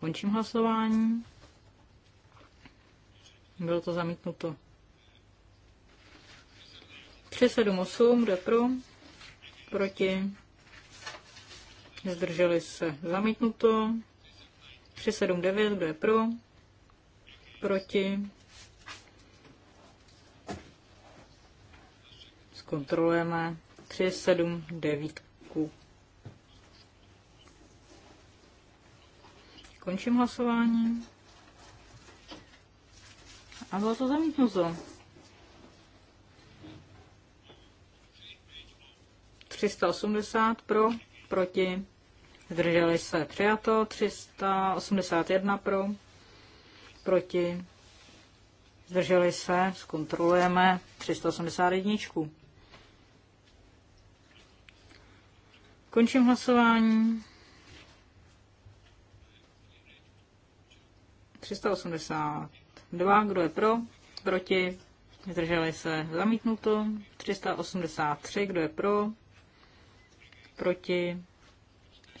Končím hlasování. Bylo to zamítnuto. 378, kde pro, proti, zdrželi se, zamítnuto. 379, kdo je pro, proti, zkontrolujeme 379. Končím hlasování. A bylo to zamítnuto. 380 pro, proti, zdrželi se přijato, 381 pro, proti, zdrželi se, zkontrolujeme 381. Končím hlasování. 382, kdo je pro, proti, zdrželi se, zamítnuto. 383, kdo je pro, proti,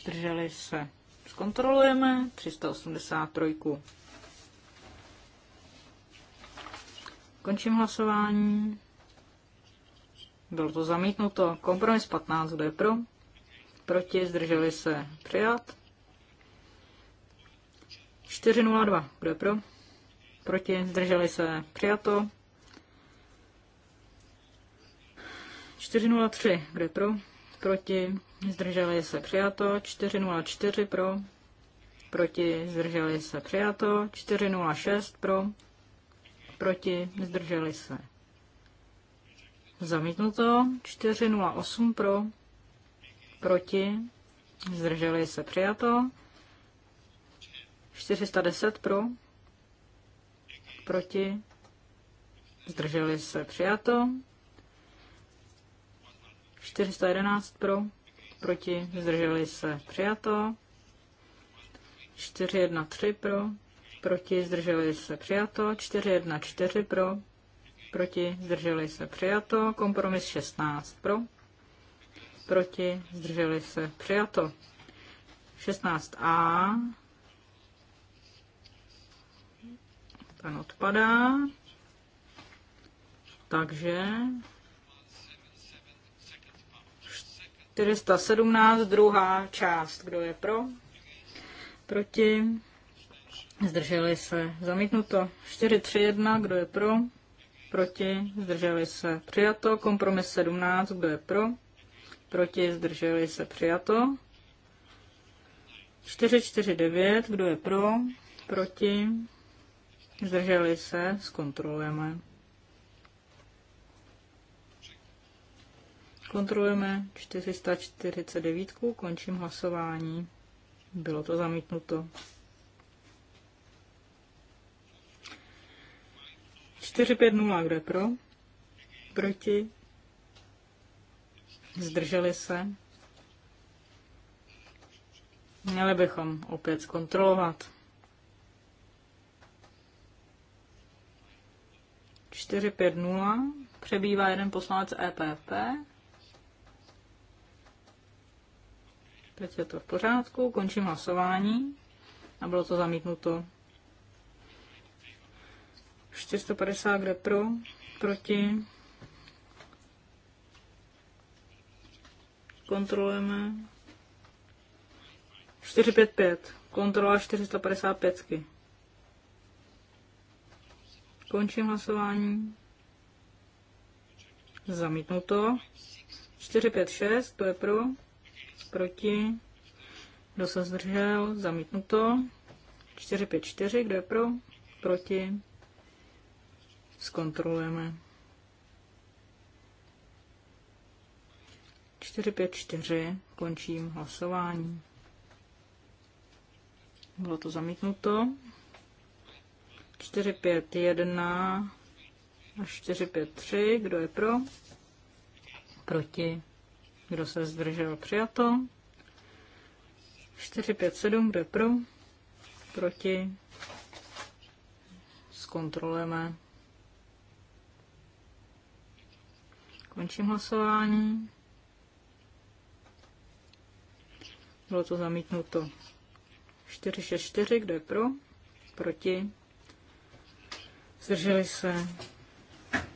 zdrželi se. Zkontrolujeme 383. Končím hlasování. Bylo to zamítnuto. Kompromis 15, kdo je pro? Proti, zdrželi se, přijat. 402. Kdo je pro? Proti? Zdrželi se? Přijato. 403. Kdo je pro? Proti? Zdrželi se? Přijato. 404. Pro? Proti? Zdrželi se? Přijato. 406. Pro? Proti? Zdrželi se? Zamítnuto. 408. Pro? Proti? Zdrželi se? Přijato. 410 pro, proti, zdrželi se přijato. 411 pro, proti, zdrželi se přijato. 413 pro, proti, zdrželi se přijato. 414 pro, proti, zdrželi se přijato. Kompromis 16 pro, proti, zdrželi se přijato. 16a ten odpadá. Takže 417, druhá část. Kdo je pro? Proti? Zdrželi se. Zamítnuto. 431, kdo je pro? Proti? Zdrželi se. Přijato. Kompromis 17, kdo je pro? Proti? Zdrželi se. Přijato. 449, kdo je pro? Proti? Zdrželi se, zkontrolujeme. Kontrolujeme 449, končím hlasování. Bylo to zamítnuto. 450, kde pro? Proti? Zdrželi se? Měli bychom opět zkontrolovat. 450 přebývá jeden poslanec EPP. Teď je to v pořádku, končím hlasování a bylo to zamítnuto. 450 kde pro, proti. Kontrolujeme. 455. Kontrola 455. Končím hlasování. Zamítnuto. 4, 5, 6, to je pro. Proti. Kdo se zdržel? Zamítnuto. 4, 5, 4, kdo je pro? Proti. Zkontrolujeme. 4, 5, 4, končím hlasování. Bylo to zamítnuto. 451 a 453. Kdo je pro? Proti. Kdo se zdržel? Přijato. 457. Kdo je pro? Proti. Zkontrolujeme. Končím hlasování. Bylo to zamítnuto. 464, kdo je pro? Proti? Zdrželi se?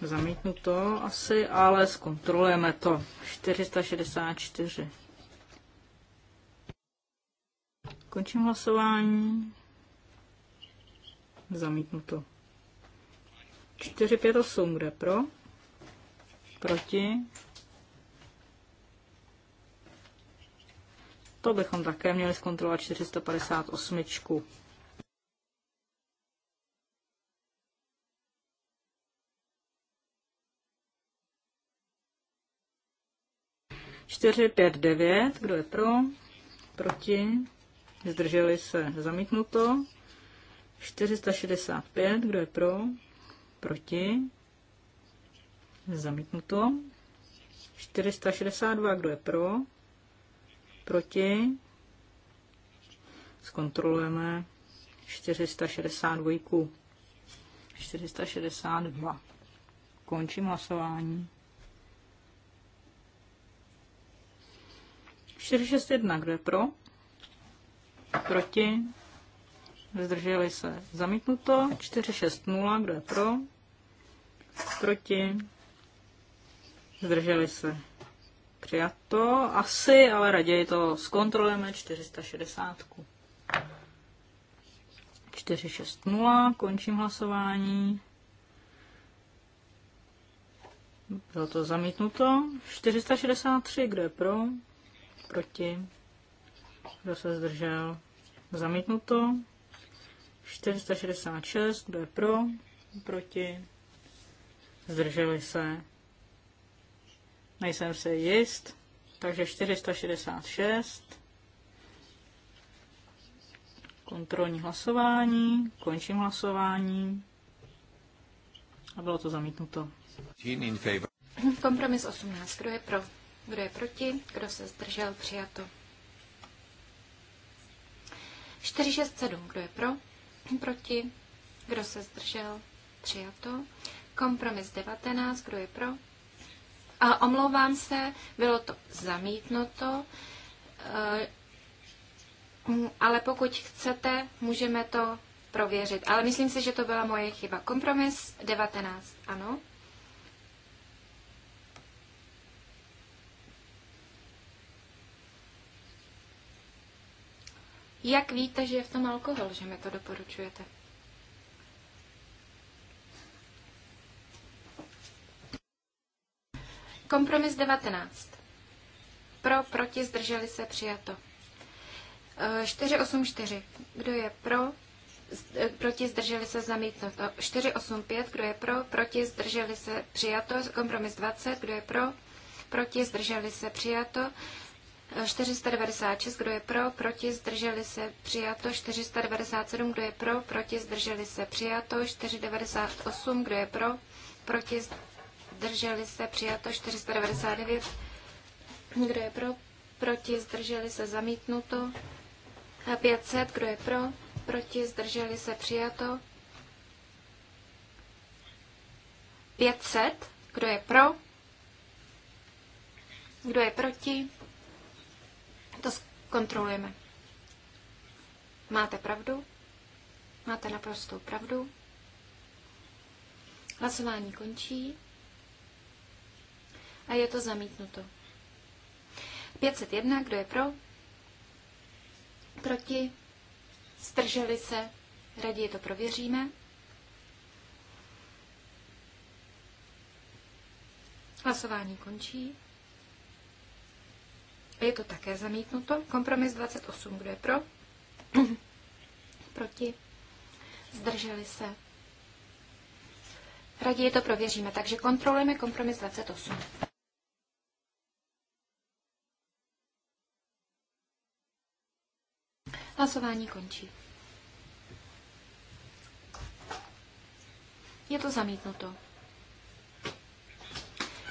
zamítnu to asi, ale zkontrolujeme to. 464. Končím hlasování. Zamítnu to. 458, bude pro? Proti? To bychom také měli zkontrolovat 458. 459, kdo je pro? Proti? Zdrželi se zamítnuto. 465, kdo je pro? Proti? Zamítnuto. 462, kdo je pro? Proti? Zkontrolujeme 462. 462. Končím hlasování. 461, kdo je pro? Proti? Zdrželi se. Zamítnuto. 460, kdo je pro? Proti? Zdrželi se. Přijato. Asi, ale raději to zkontrolujeme. 460. 460, končím hlasování. Bylo to zamítnuto. 463, kdo je pro? Proti? Kdo se zdržel? Zamítnuto. 466, kdo je pro? Proti? Zdrželi se? Nejsem si jist. Takže 466. Kontrolní hlasování. Končím hlasování. A bylo to zamítnuto. Kompromis 18. Kdo je pro? kdo je proti, kdo se zdržel, přijato. 467, kdo je pro, proti, kdo se zdržel, přijato. Kompromis 19, kdo je pro. A omlouvám se, bylo to zamítnuto, eh, ale pokud chcete, můžeme to prověřit. Ale myslím si, že to byla moje chyba. Kompromis 19, ano. Jak víte, že je v tom alkohol, že mi to doporučujete? Kompromis 19. Pro, proti, zdrželi se, přijato. 484. E, Kdo je pro, e, proti, zdrželi se, zamítnuto. 485. Kdo je pro, proti, zdrželi se, přijato. Kompromis 20. Kdo je pro, proti, zdrželi se, přijato. 496, kdo je pro, proti, zdrželi se, přijato. 497, kdo je pro, proti, zdrželi se, přijato. 498, kdo je pro, proti, zdrželi se, přijato. 499, kdo je pro, proti, zdrželi se, zamítnuto. 500, kdo je pro, proti, zdrželi se, přijato. 500, kdo je pro, kdo je proti, to zkontrolujeme. Máte pravdu? Máte naprostou pravdu? Hlasování končí a je to zamítnuto. 501, kdo je pro? Proti? Strželi se? Raději to prověříme. Hlasování končí. Je to také zamítnuto. Kompromis 28, kdo je pro? Proti? Zdrželi se? Raději to prověříme, takže kontrolujeme kompromis 28. Hlasování končí. Je to zamítnuto.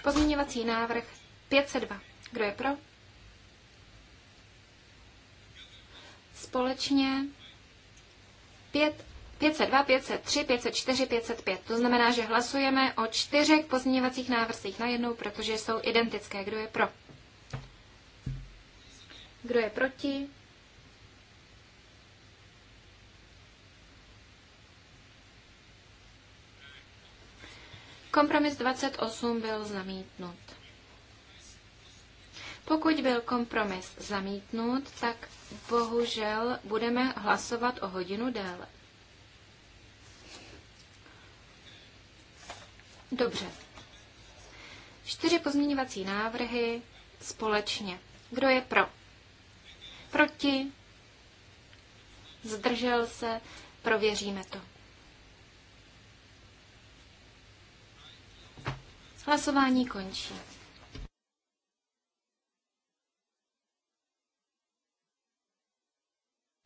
Pozměňovací návrh 502. Kdo je pro? společně 5, 502, 503, 504, 505. To znamená, že hlasujeme o čtyřech pozměňovacích návrzích najednou, protože jsou identické. Kdo je pro? Kdo je proti? Kompromis 28 byl zamítnut. Pokud byl kompromis zamítnut, tak bohužel budeme hlasovat o hodinu déle. Dobře. Čtyři pozměňovací návrhy společně. Kdo je pro? Proti? Zdržel se? Prověříme to. Hlasování končí.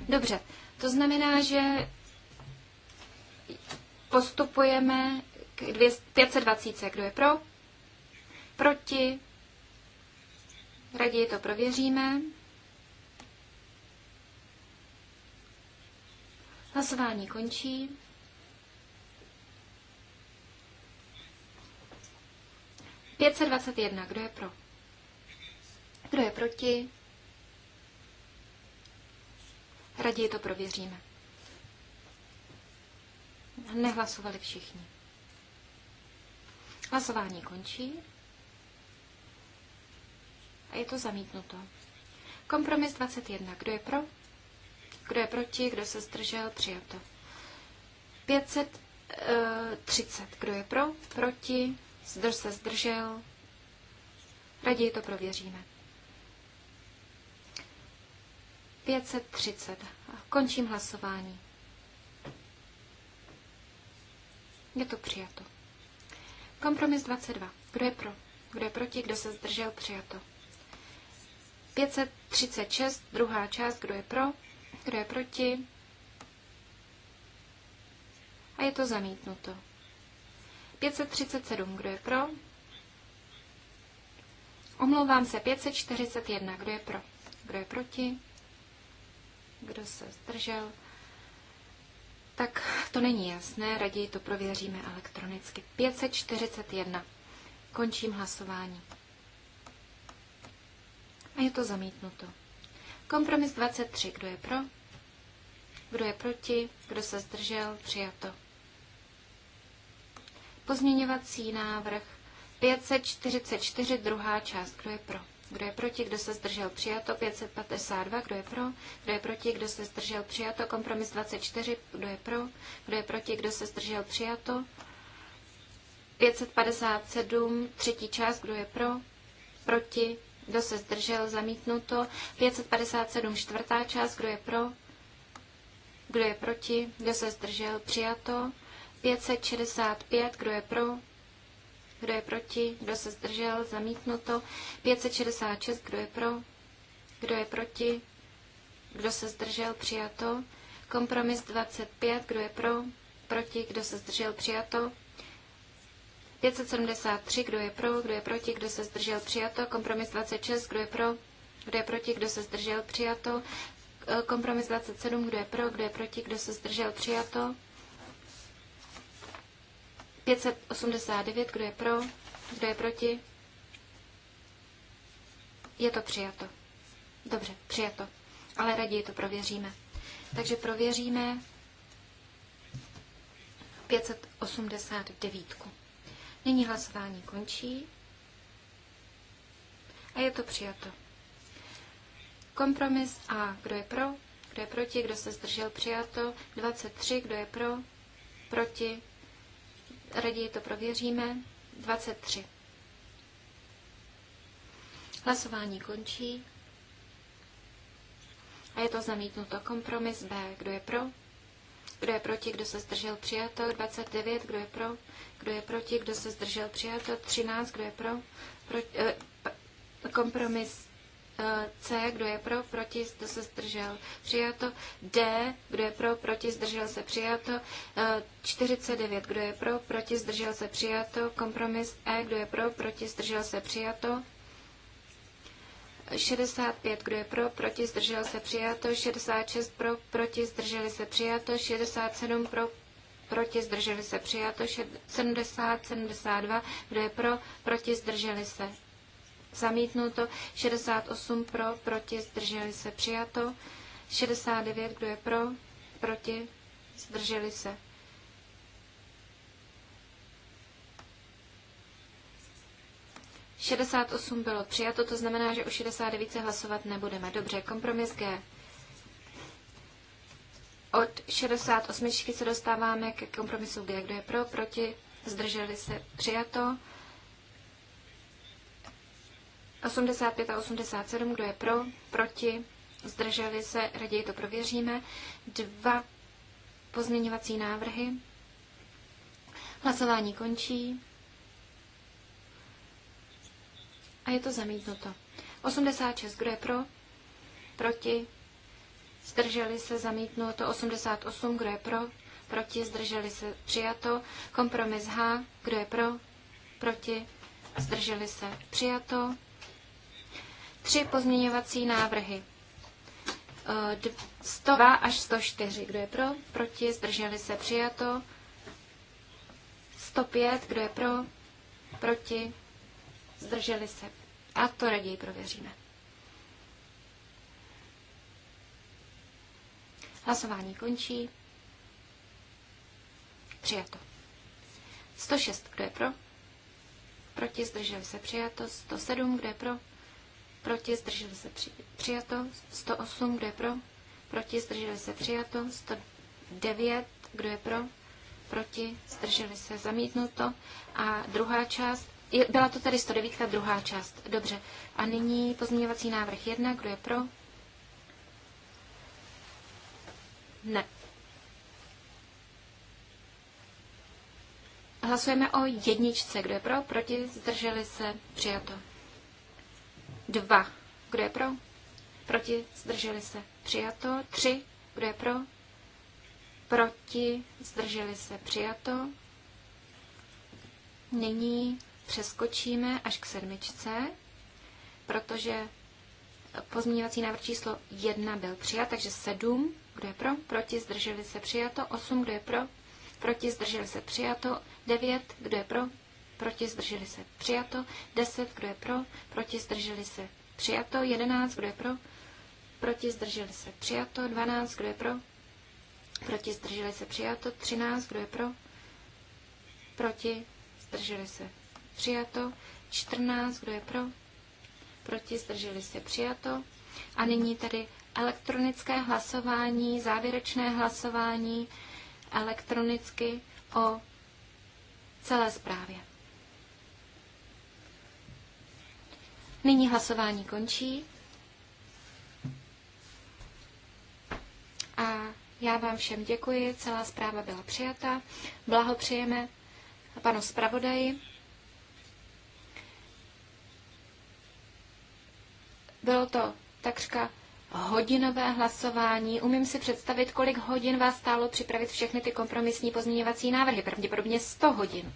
Dobře, to znamená, že postupujeme k 520. Kdo je pro? Proti? Raději to prověříme. Hlasování končí. se dvacet jedna. Kdo je pro? Kdo je proti? Raději to prověříme. Nehlasovali všichni. Hlasování končí. A je to zamítnuto. Kompromis 21. Kdo je pro? Kdo je proti? Kdo se zdržel? Přijato. 530. Eh, Kdo je pro? Proti? Zdrž se zdržel? Raději to prověříme. 530. Končím hlasování. Je to přijato. Kompromis 22. Kdo je pro? Kdo je proti? Kdo se zdržel? Přijato. 536, druhá část, kdo je pro, kdo je proti. A je to zamítnuto. 537, kdo je pro. Omlouvám se, 541, kdo je pro, kdo je proti kdo se zdržel. Tak to není jasné, raději to prověříme elektronicky. 541. Končím hlasování. A je to zamítnuto. Kompromis 23. Kdo je pro? Kdo je proti? Kdo se zdržel? Přijato. Pozměňovací návrh 544, druhá část. Kdo je pro? kdo je proti, kdo se zdržel přijato, 552, kdo je pro, kdo je proti, kdo se zdržel přijato, kompromis 24, kdo je pro, kdo je proti, kdo se zdržel přijato, 557, třetí část, kdo je pro, proti, kdo se zdržel, zamítnuto, 557, čtvrtá část, kdo je pro, kdo je proti, kdo se zdržel, přijato, 565, kdo je pro, kdo je proti, kdo se zdržel, zamítnuto. 566, kdo je pro, kdo je proti, kdo se zdržel, přijato. Kompromis 25, kdo je pro, proti, kdo se zdržel, přijato. 573, kdo je pro, kdo je proti, kdo se zdržel, přijato. Kompromis 26, kdo je pro, kdo je proti, kdo se zdržel, přijato. Kompromis 27, kdo je pro, kdo je proti, kdo se zdržel, přijato. 589, kdo je pro, kdo je proti. Je to přijato. Dobře, přijato. Ale raději to prověříme. Takže prověříme 589. Nyní hlasování končí a je to přijato. Kompromis A. Kdo je pro? Kdo je proti? Kdo se zdržel? Přijato. 23. Kdo je pro? Proti? raději to prověříme. 23. Hlasování končí. A je to zamítnuto. Kompromis B. Kdo je pro? Kdo je proti? Kdo se zdržel? Přijato. 29. Kdo je pro? Kdo je proti? Kdo se zdržel? Přijato. 13. Kdo je pro? pro eh, kompromis C, kdo je pro, proti, kdo se zdržel, přijato. D, kdo je pro, proti, zdržel se, přijato. 49, e, kdo je pro, proti, zdržel se, přijato. Kompromis E, kdo je pro, proti, zdržel se, přijato. 65, kdo je pro, proti, zdržel se, přijato. 66, pro, proti, zdrželi se, přijato. 67, pro, proti, zdrželi se, přijato. 70, 72, kdo je pro, proti, zdrželi se, zamítnuto, 68 pro, proti, zdrželi se, přijato, 69, kdo je pro, proti, zdrželi se. Šedesát osm bylo přijato, to znamená, že u 69 se hlasovat nebudeme. Dobře, kompromis G. Od 68 se dostáváme k kompromisu G. Kdo je pro, proti, zdrželi se, přijato. 85 a 87, kdo je pro, proti, zdrželi se, raději to prověříme. Dva pozměňovací návrhy. Hlasování končí. A je to zamítnuto. 86, kdo je pro, proti, zdrželi se, zamítnuto. 88, kdo je pro, proti, zdrželi se, přijato. Kompromis H, kdo je pro, proti, zdrželi se, přijato tři pozměňovací návrhy. 102 až 104. Kdo je pro? Proti? Zdrželi se? Přijato. 105. Kdo je pro? Proti? Zdrželi se? A to raději prověříme. Hlasování končí. Přijato. 106. Kdo je pro? Proti? Zdrželi se? Přijato. 107. Kdo je pro? proti, zdrželi se přijato, 108, kdo je pro, proti, zdrželi se přijato, 109, kdo je pro, proti, zdrželi se zamítnuto a druhá část, je, byla to tady 109, druhá část, dobře. A nyní pozměňovací návrh 1, kdo je pro? Ne. Hlasujeme o jedničce, kdo je pro, proti, zdrželi se, přijato. 2. Kdo je pro? Proti? Zdrželi se. Přijato. 3. Kdo je pro? Proti? Zdrželi se. Přijato. Nyní přeskočíme až k sedmičce, protože pozměňovací návrh číslo 1 byl přijat, takže 7. Kdo je pro? Proti? Zdrželi se. Přijato. 8. Kdo je pro? Proti? Zdrželi se. Přijato. 9. Kdo je pro? proti, zdrželi se, přijato. 10, kdo je pro, proti, zdrželi se, přijato. 11, kdo je pro, proti, zdrželi se, přijato. 12, kdo je pro, proti, zdrželi se, přijato. 13, kdo je pro, proti, zdrželi se, přijato. 14, kdo je pro, proti, zdrželi se, přijato. A nyní tady elektronické hlasování, závěrečné hlasování elektronicky o celé zprávě. Nyní hlasování končí. A já vám všem děkuji, celá zpráva byla přijata. Blahopřejeme panu zpravodaji. Bylo to takřka hodinové hlasování. Umím si představit, kolik hodin vás stálo připravit všechny ty kompromisní pozměňovací návrhy. Pravděpodobně 100 hodin.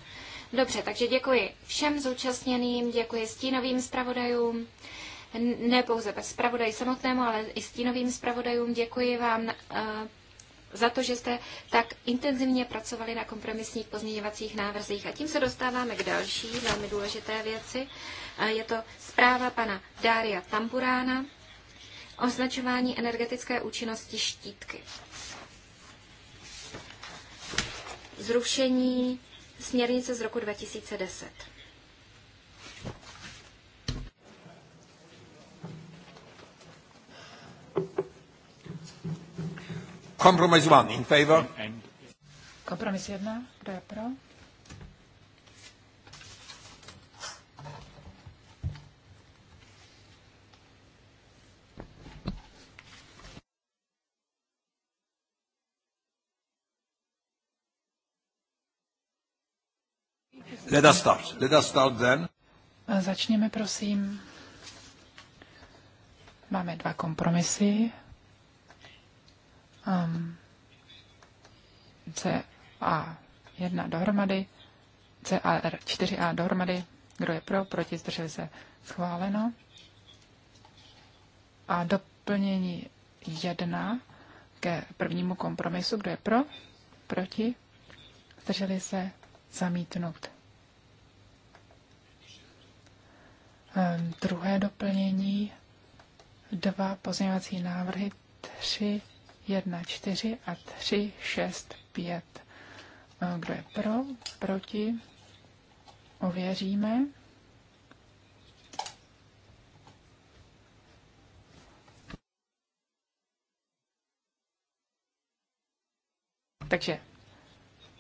Dobře, takže děkuji všem zúčastněným, děkuji stínovým zpravodajům, ne pouze zpravodaji samotnému, ale i stínovým zpravodajům. Děkuji vám eh, za to, že jste tak intenzivně pracovali na kompromisních pozměňovacích návrzích. A tím se dostáváme k další velmi důležité věci. Je to zpráva pana Dária Tamburána o označování energetické účinnosti štítky. Zrušení směrnice z roku 2010. Kompromis 1 in favor. Kompromis 1, kdo je pro? Let us start. Let us start then. Začněme, prosím. Máme dva kompromisy. Um, C a 1 dohromady, C a 4A dohromady. Kdo je pro, proti, zdržel se, schváleno. A doplnění 1 ke prvnímu kompromisu. Kdo je pro, proti, zdrželi se, zamítnout. Ehm, druhé doplnění, dva pozměňovací návrhy, 3, 1, 4 a 3, 6, 5. Kdo je pro, proti, ověříme. Takže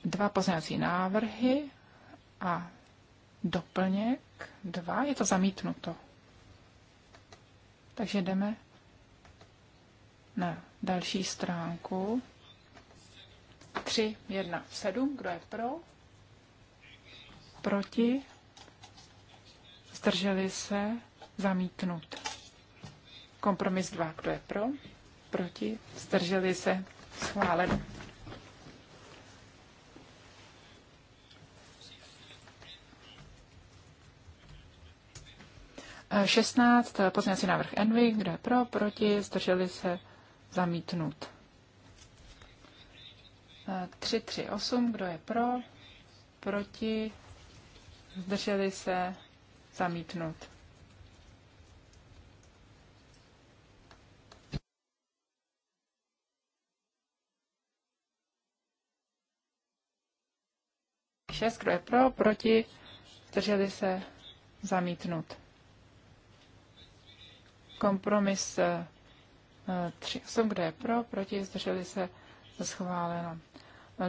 dva pozměňovací návrhy a doplněk 2, je to zamítnuto. Takže jdeme na další stránku. 3, 1, 7, kdo je pro? Proti? Zdrželi se? Zamítnut. Kompromis 2, kdo je pro? Proti? Zdrželi se? Schválen. 16, pozměňovací návrh Envy, kdo je pro, proti, zdrželi se, zamítnut. 338, kdo je pro, proti, zdrželi se, zamítnut. Šest, kdo je pro, proti, zdrželi se, zamítnut. Kompromis 3.8, eh, eh, kde je pro, proti, zdrželi se, schváleno.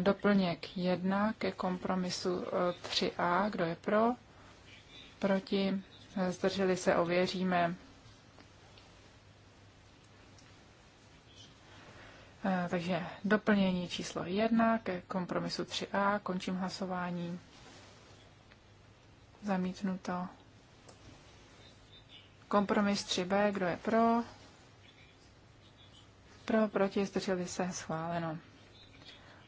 Doplněk 1 ke kompromisu 3a, eh, kdo je pro, proti, zdrželi se, ověříme. Takže doplnění číslo 1 ke kompromisu 3a, končím hlasování. Zamítnuto. Kompromis 3b, kdo je pro? Pro, proti, zdrželi se, schváleno.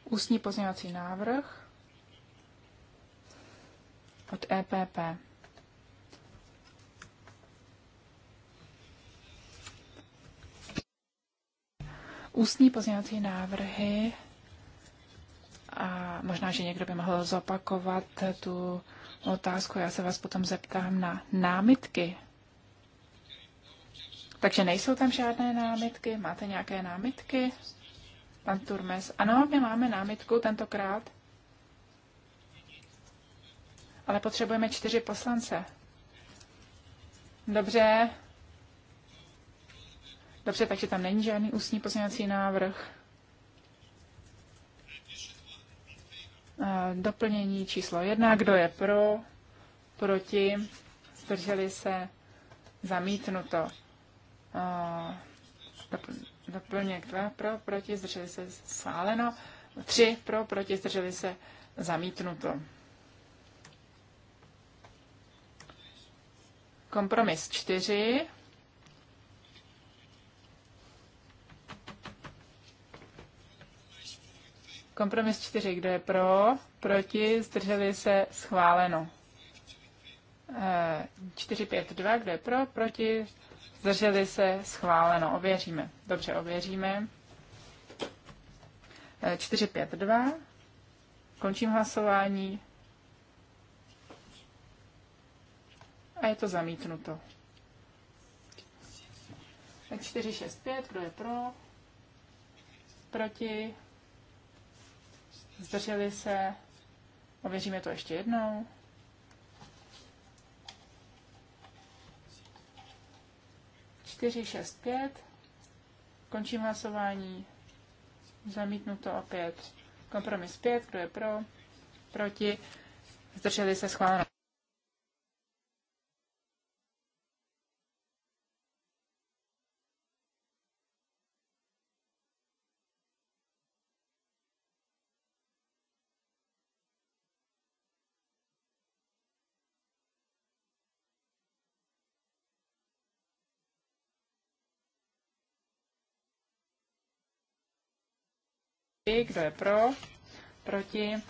Ústní pozměňovací návrh od EPP. Ústní pozměňovací návrhy a možná, že někdo by mohl zopakovat tu otázku. Já se vás potom zeptám na námitky takže nejsou tam žádné námitky? Máte nějaké námitky? Pan Turmes. Ano, my máme námitku tentokrát. Ale potřebujeme čtyři poslance. Dobře. Dobře, takže tam není žádný ústní pozměňovací návrh. Eh, doplnění číslo jedna. Kdo je pro? Proti? Zdrželi se? Zamítnuto doplněk 2 pro, proti, zdrželi se schváleno, 3 pro, proti, zdrželi se zamítnuto. Kompromis 4. Kompromis 4, kdo je pro, proti, zdrželi se schváleno. 4, 5, 2, kdo je pro, proti, Zdrželi se? Schváleno. Ověříme. Dobře, ověříme. 452. E, Končím hlasování. A je to zamítnuto. 465. E, Kdo je pro? Proti? Zdrželi se? Ověříme to ještě jednou. 4, 6, 5. Končím hlasování. Zamítnuto opět. Kompromis 5. Kdo je pro? Proti? Zdrželi se schváleno. Kdo je pro? Proti?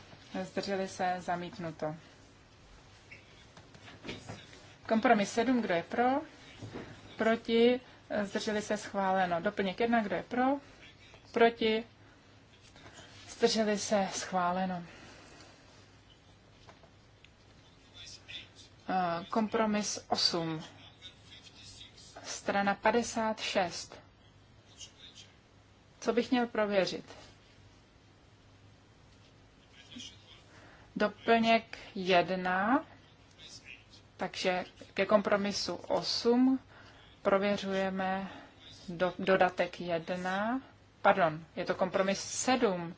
Zdrželi se? Zamítnuto. Kompromis 7. Kdo je pro? Proti? Zdrželi se? Schváleno. Doplněk 1. Kdo je pro? Proti? Zdrželi se? Schváleno. Eh, kompromis 8. Strana 56. Co bych měl prověřit? Doplněk 1, takže ke kompromisu 8 prověřujeme do, dodatek 1, pardon, je to kompromis 7,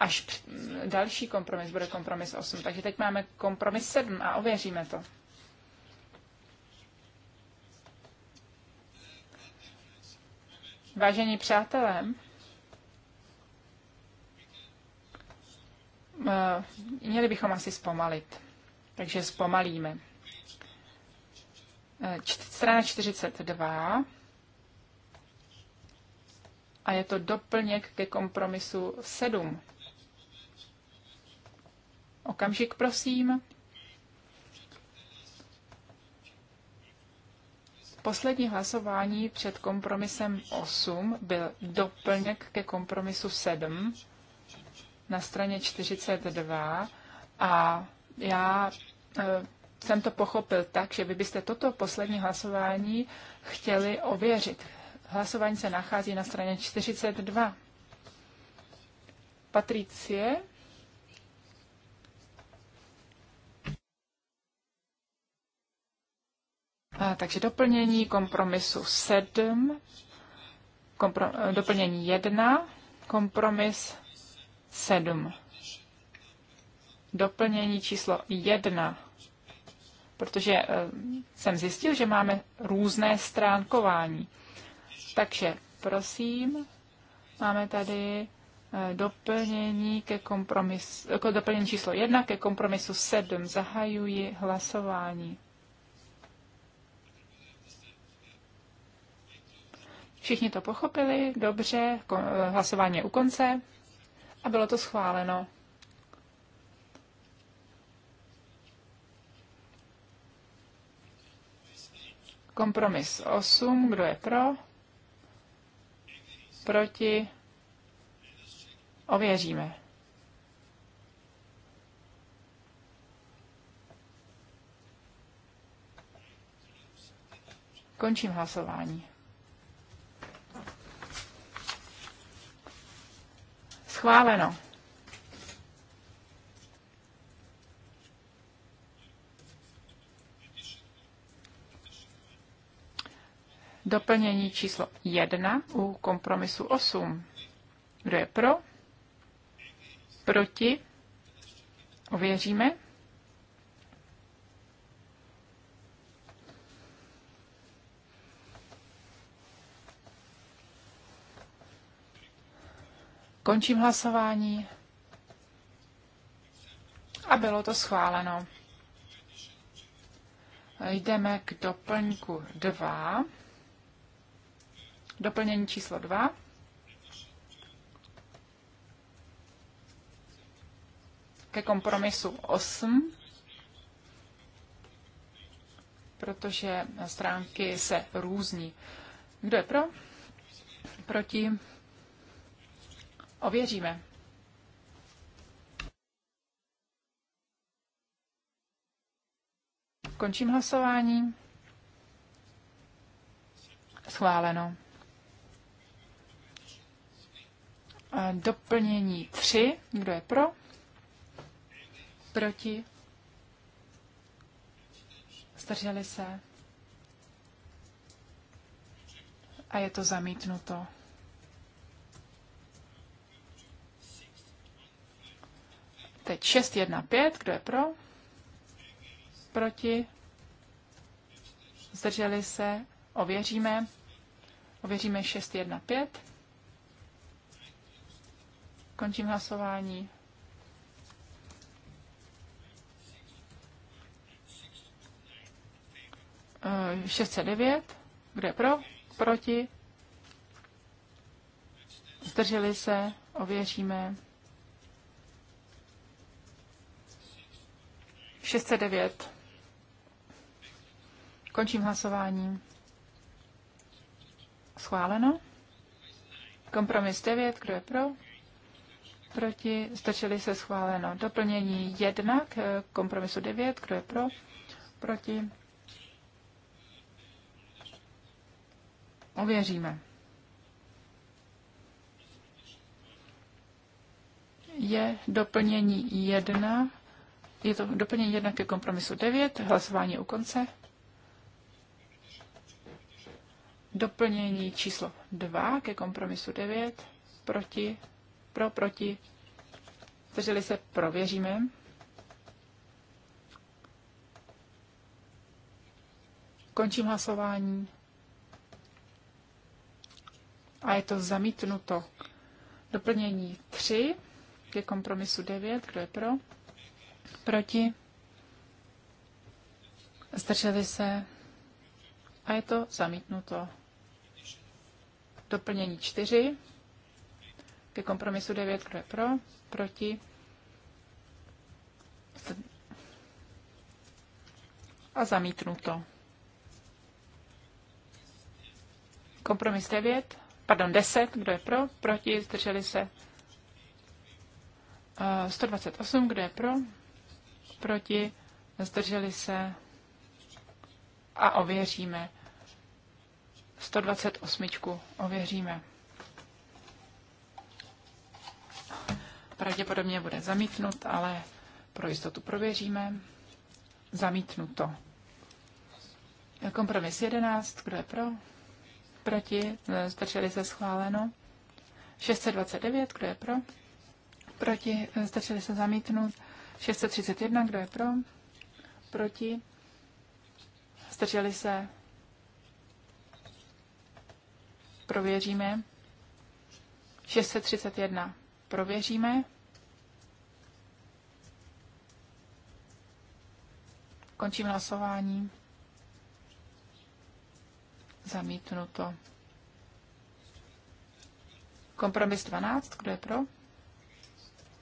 až při, další kompromis bude kompromis 8. Takže teď máme kompromis 7 a ověříme to. Vážení přátelé, Eh, měli bychom asi zpomalit. Takže zpomalíme. Eh, strana 42 a je to doplněk ke kompromisu 7. Okamžik, prosím. Poslední hlasování před kompromisem 8 byl doplněk ke kompromisu 7 na straně 42 a já eh, jsem to pochopil tak, že vy byste toto poslední hlasování chtěli ověřit. Hlasování se nachází na straně 42. Patricie. A, takže doplnění kompromisu 7, kompro, doplnění 1, kompromis sedm Doplnění číslo jedna Protože eh, jsem zjistil, že máme různé stránkování. Takže prosím, máme tady eh, doplnění ke kompromisu, doplnění číslo jedna ke kompromisu sedm Zahajuji hlasování. Všichni to pochopili, dobře, eh, hlasování je u konce a bylo to schváleno. Kompromis 8, kdo je pro? Proti? Ověříme. Končím hlasování. schváleno. Doplnění číslo 1 u kompromisu 8. Kdo je pro? Proti? Ověříme. Končím hlasování. A bylo to schváleno. Jdeme k doplňku 2. Doplnění číslo 2. Ke kompromisu 8, protože stránky se různí. Kdo je pro? Proti? Ověříme. Končím hlasování. Schváleno. Doplnění 3. Kdo je pro? Proti? Zdrželi se? A je to zamítnuto. Teď 615, kdo je pro? Proti? Zdrželi se? Ověříme. Ověříme 615. Končím hlasování. E, eh, 609. Kdo je pro? Proti? Zdrželi se? Ověříme. 609. Končím hlasování. Schváleno. Kompromis 9. Kdo je pro? Proti. Stačili se schváleno. Doplnění 1 k kompromisu 9. Kdo je pro? Proti. Ověříme. Je doplnění 1 je to doplnění jednak ke kompromisu 9, hlasování u konce. Doplnění číslo 2 ke kompromisu 9, proti, pro, proti, zdrželi se, prověříme. Končím hlasování. A je to zamítnuto. Doplnění 3 ke kompromisu 9, kdo je pro? proti, zdrželi se a je to zamítnuto. Doplnění 4 ke kompromisu 9, kdo je pro, proti, a zamítnuto. Kompromis 9, pardon 10, kdo je pro, proti, zdrželi se 128, eh, kdo je pro, proti, zdrželi se a ověříme. 128 ověříme. Pravděpodobně bude zamítnut, ale pro jistotu prověříme. Zamítnuto. Kompromis 11, kdo je pro? Proti, zdrželi se schváleno. 629, kdo je pro? Proti, zdrželi se zamítnout. 631, kdo je pro? Proti? Zdrželi se? Prověříme. 631. Prověříme. Končím hlasování. Zamítnuto. Kompromis 12. Kdo je pro?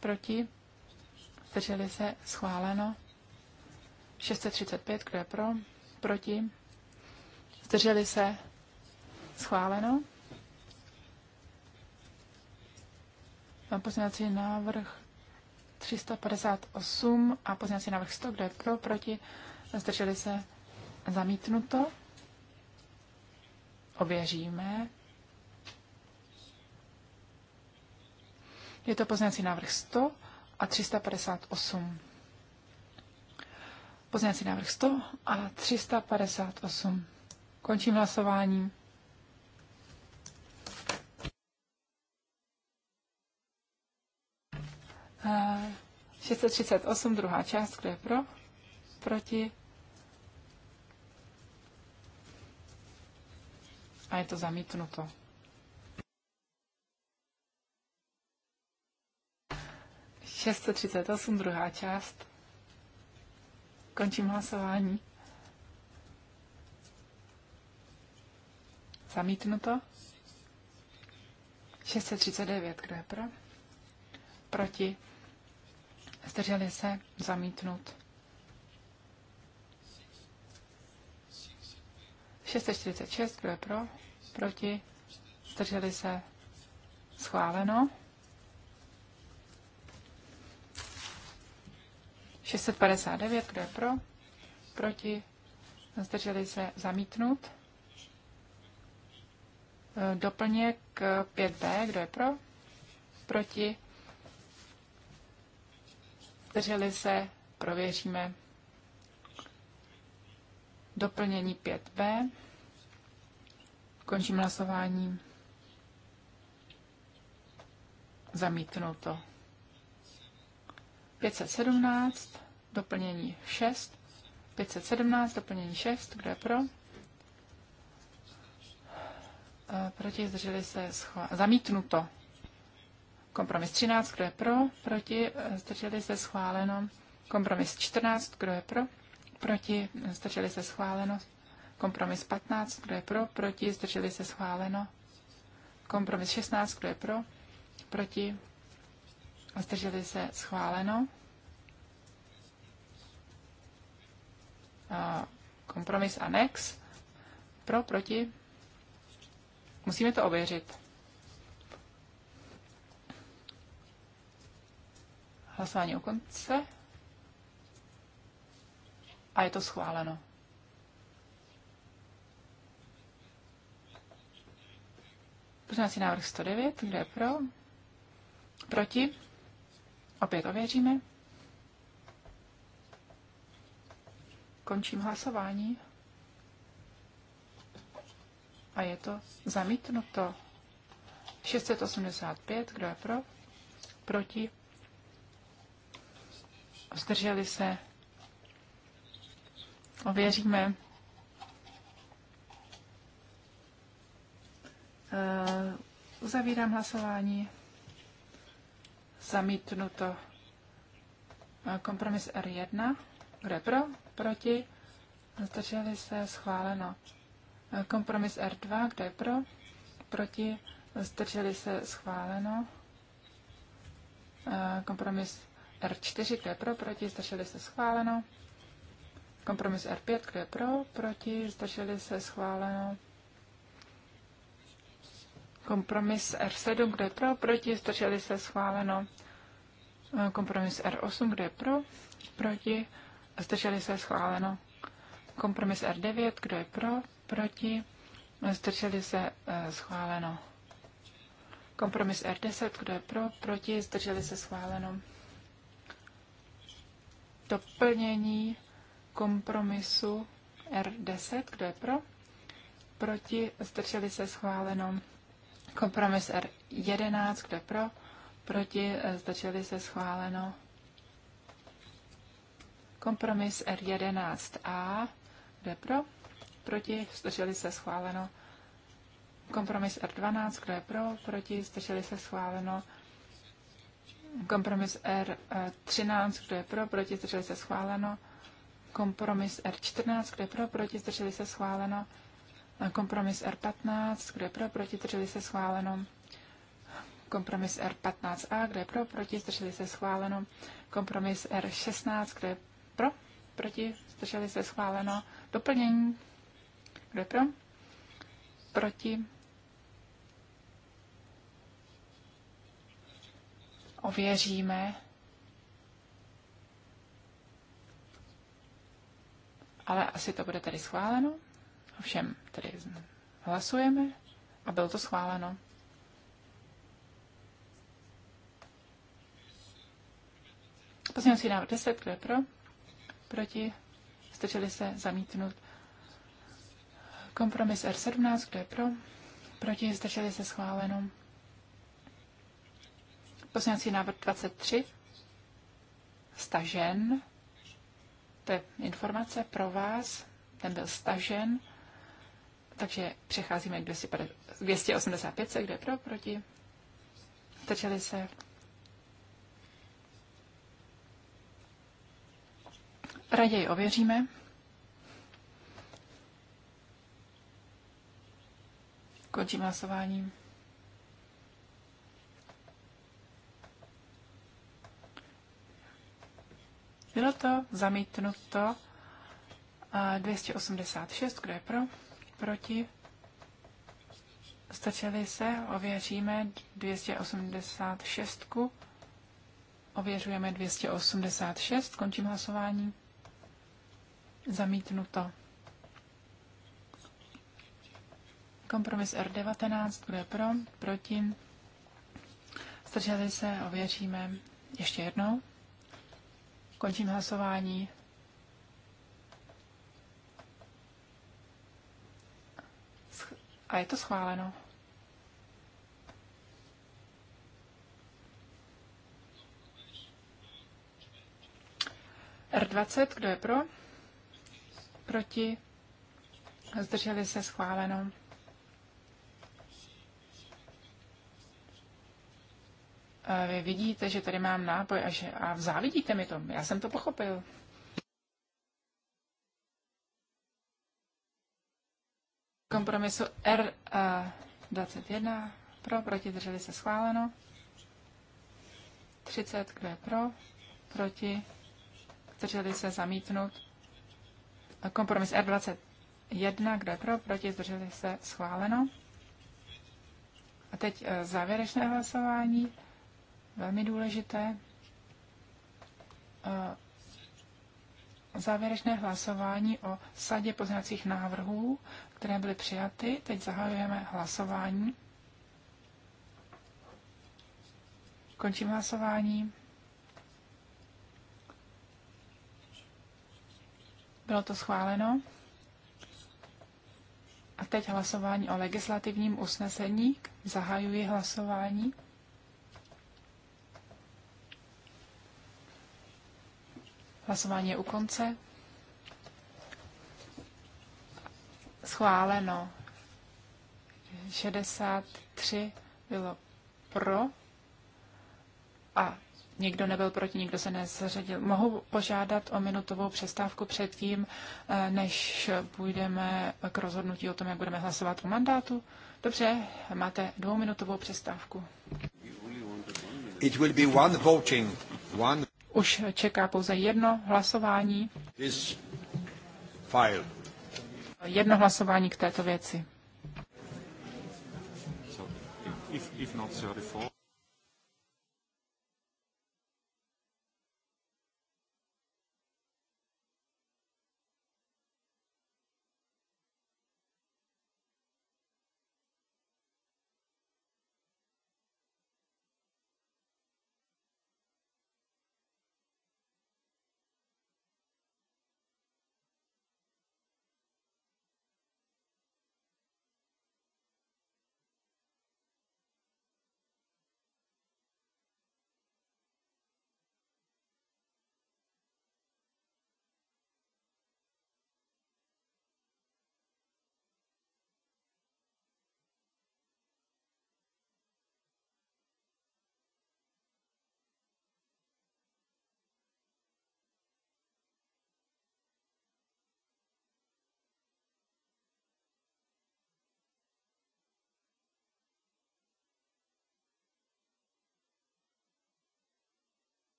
Proti? zdrželi se, schváleno. 635, kdo je pro, proti, zdrželi se, schváleno. Pozměňovací návrh 358 a pozměňovací návrh 100, kdo je pro, proti, zdrželi se, zamítnuto. Ověříme. Je to pozměňovací návrh 100 a 358. Pozměňovací návrh 100 a 358. Končím hlasování. Uh, eh, 638, druhá část, kdo je pro? Proti? A je to zamítnuto. 638, druhá část. Končím hlasování. Zamítnuto. 639, kdo je pro? Proti. Zdrželi se. Zamítnut. 646, kdo je pro? Proti? Zdrželi se? Schváleno. 659, kdo je pro? Proti? Zdrželi se zamítnout. E, doplněk 5b, kdo je pro? Proti? Zdrželi se, prověříme. Doplnění 5b. Končím hlasování. Zamítnuto. to. 517, doplnění 6. 517, doplnění 6, e, kdo je pro? Proti e, zdrželi se schvál... zamítnuto. Kompromis 13, kdo je pro? Proti zdrželi se schváleno. Kompromis 14, kdo je pro? Proti zdrželi se schváleno. Kompromis 15, kdo je pro? Proti zdrželi se schváleno. Kompromis 16, kdo je pro? Proti zdrželi se schváleno. kompromis anex. Pro, proti. Musíme to ověřit. Hlasování u konce. A je to schváleno. Poznávací návrh 109, kde je pro? Proti? Opět ověříme. Končím hlasování. A je to zamítnuto. 685, kdo je pro? Proti? Zdrželi se? Ověříme. Eh, uzavírám hlasování. Zamítnuto. Eh, kompromis R1. Kdo je pro? proti, zdrželi se, schváleno. Kompromis R2, kdo je pro, proti, zdrželi se, schváleno. Kompromis R4, kdo je pro, proti, zdrželi se, schváleno. Kompromis R5, kdo je pro, proti, zdrželi se, schváleno. Kompromis R7, kdo je pro, proti, zdrželi se, schváleno. Kompromis R8, kdo je pro, proti, zdrželi se schváleno. Kompromis R9, kdo je pro, proti, zdrželi se eh, schváleno. Kompromis R10, kdo je pro, proti, zdrželi se schváleno. Doplnění kompromisu R10, kdo je pro, proti, zdrželi se schváleno. Kompromis R11, kdo je pro, proti, zdrželi se schváleno. Kompromis R11A, kde pro, proti, zdrželi se schváleno. Kompromis R12, kde pro, proti, zdrželi se schváleno. Kompromis R13, kdo je pro, proti, zdrželi se schváleno. Kompromis R14, kdo je pro, proti, zdrželi se schváleno. Kompromis R15, kdo je pro, proti, zdrželi se schváleno. Kompromis R15A, kde je pro, proti, zdrželi se schváleno. Kompromis R16, kde je proti, zdrželi se schváleno. Doplnění, kdo je pro, proti, ověříme. Ale asi to bude tady schváleno. Ovšem, tady hlasujeme a bylo to schváleno. Pozměňovací návrh 10, kdo je pro? proti, stačili se zamítnout Kompromis R17, kdo je pro, proti, stačili se schváleno. Poslanecí návrh 23, stažen, to je informace pro vás, ten byl stažen, takže přecházíme k 285, kde je pro, proti, stačili se raději ověříme. Končím hlasování. Bylo to zamítnuto 286, kdo je pro, proti, stačili se, ověříme 286, ověřujeme 286, končím hlasování. Zamítnuto. Kompromis R19, kdo je pro, proti. Zdrželi se, ověříme ještě jednou. Končím hlasování. A je to schváleno. R20, kdo je pro? proti, zdrželi se schváleno. Vy vidíte, že tady mám nápoj a, že, a závidíte mi to. Já jsem to pochopil. Kompromisu R21 pro, proti, drželi se schváleno. 30, kdo je pro, proti, drželi se zamítnut. Kompromis R21, kdo je pro, proti, zdrželi se, schváleno. A teď eh, závěrečné hlasování, velmi důležité. Eh, závěrečné hlasování o sadě poznacích návrhů, které byly přijaty. Teď zahajujeme hlasování. Končím hlasování. Bylo to schváleno. A teď hlasování o legislativním usnesení. Zahajuji hlasování. Hlasování je u konce. Schváleno. 63 bylo pro a Nikdo nebyl proti, nikdo se nezařadil. Mohu požádat o minutovou přestávku předtím, eh, než půjdeme k rozhodnutí o tom, jak budeme hlasovat o mandátu? Dobře, máte dvouminutovou přestávku. It will be one voting. One... Už čeká pouze jedno hlasování. This file. Jedno hlasování k této věci. If, if not 34.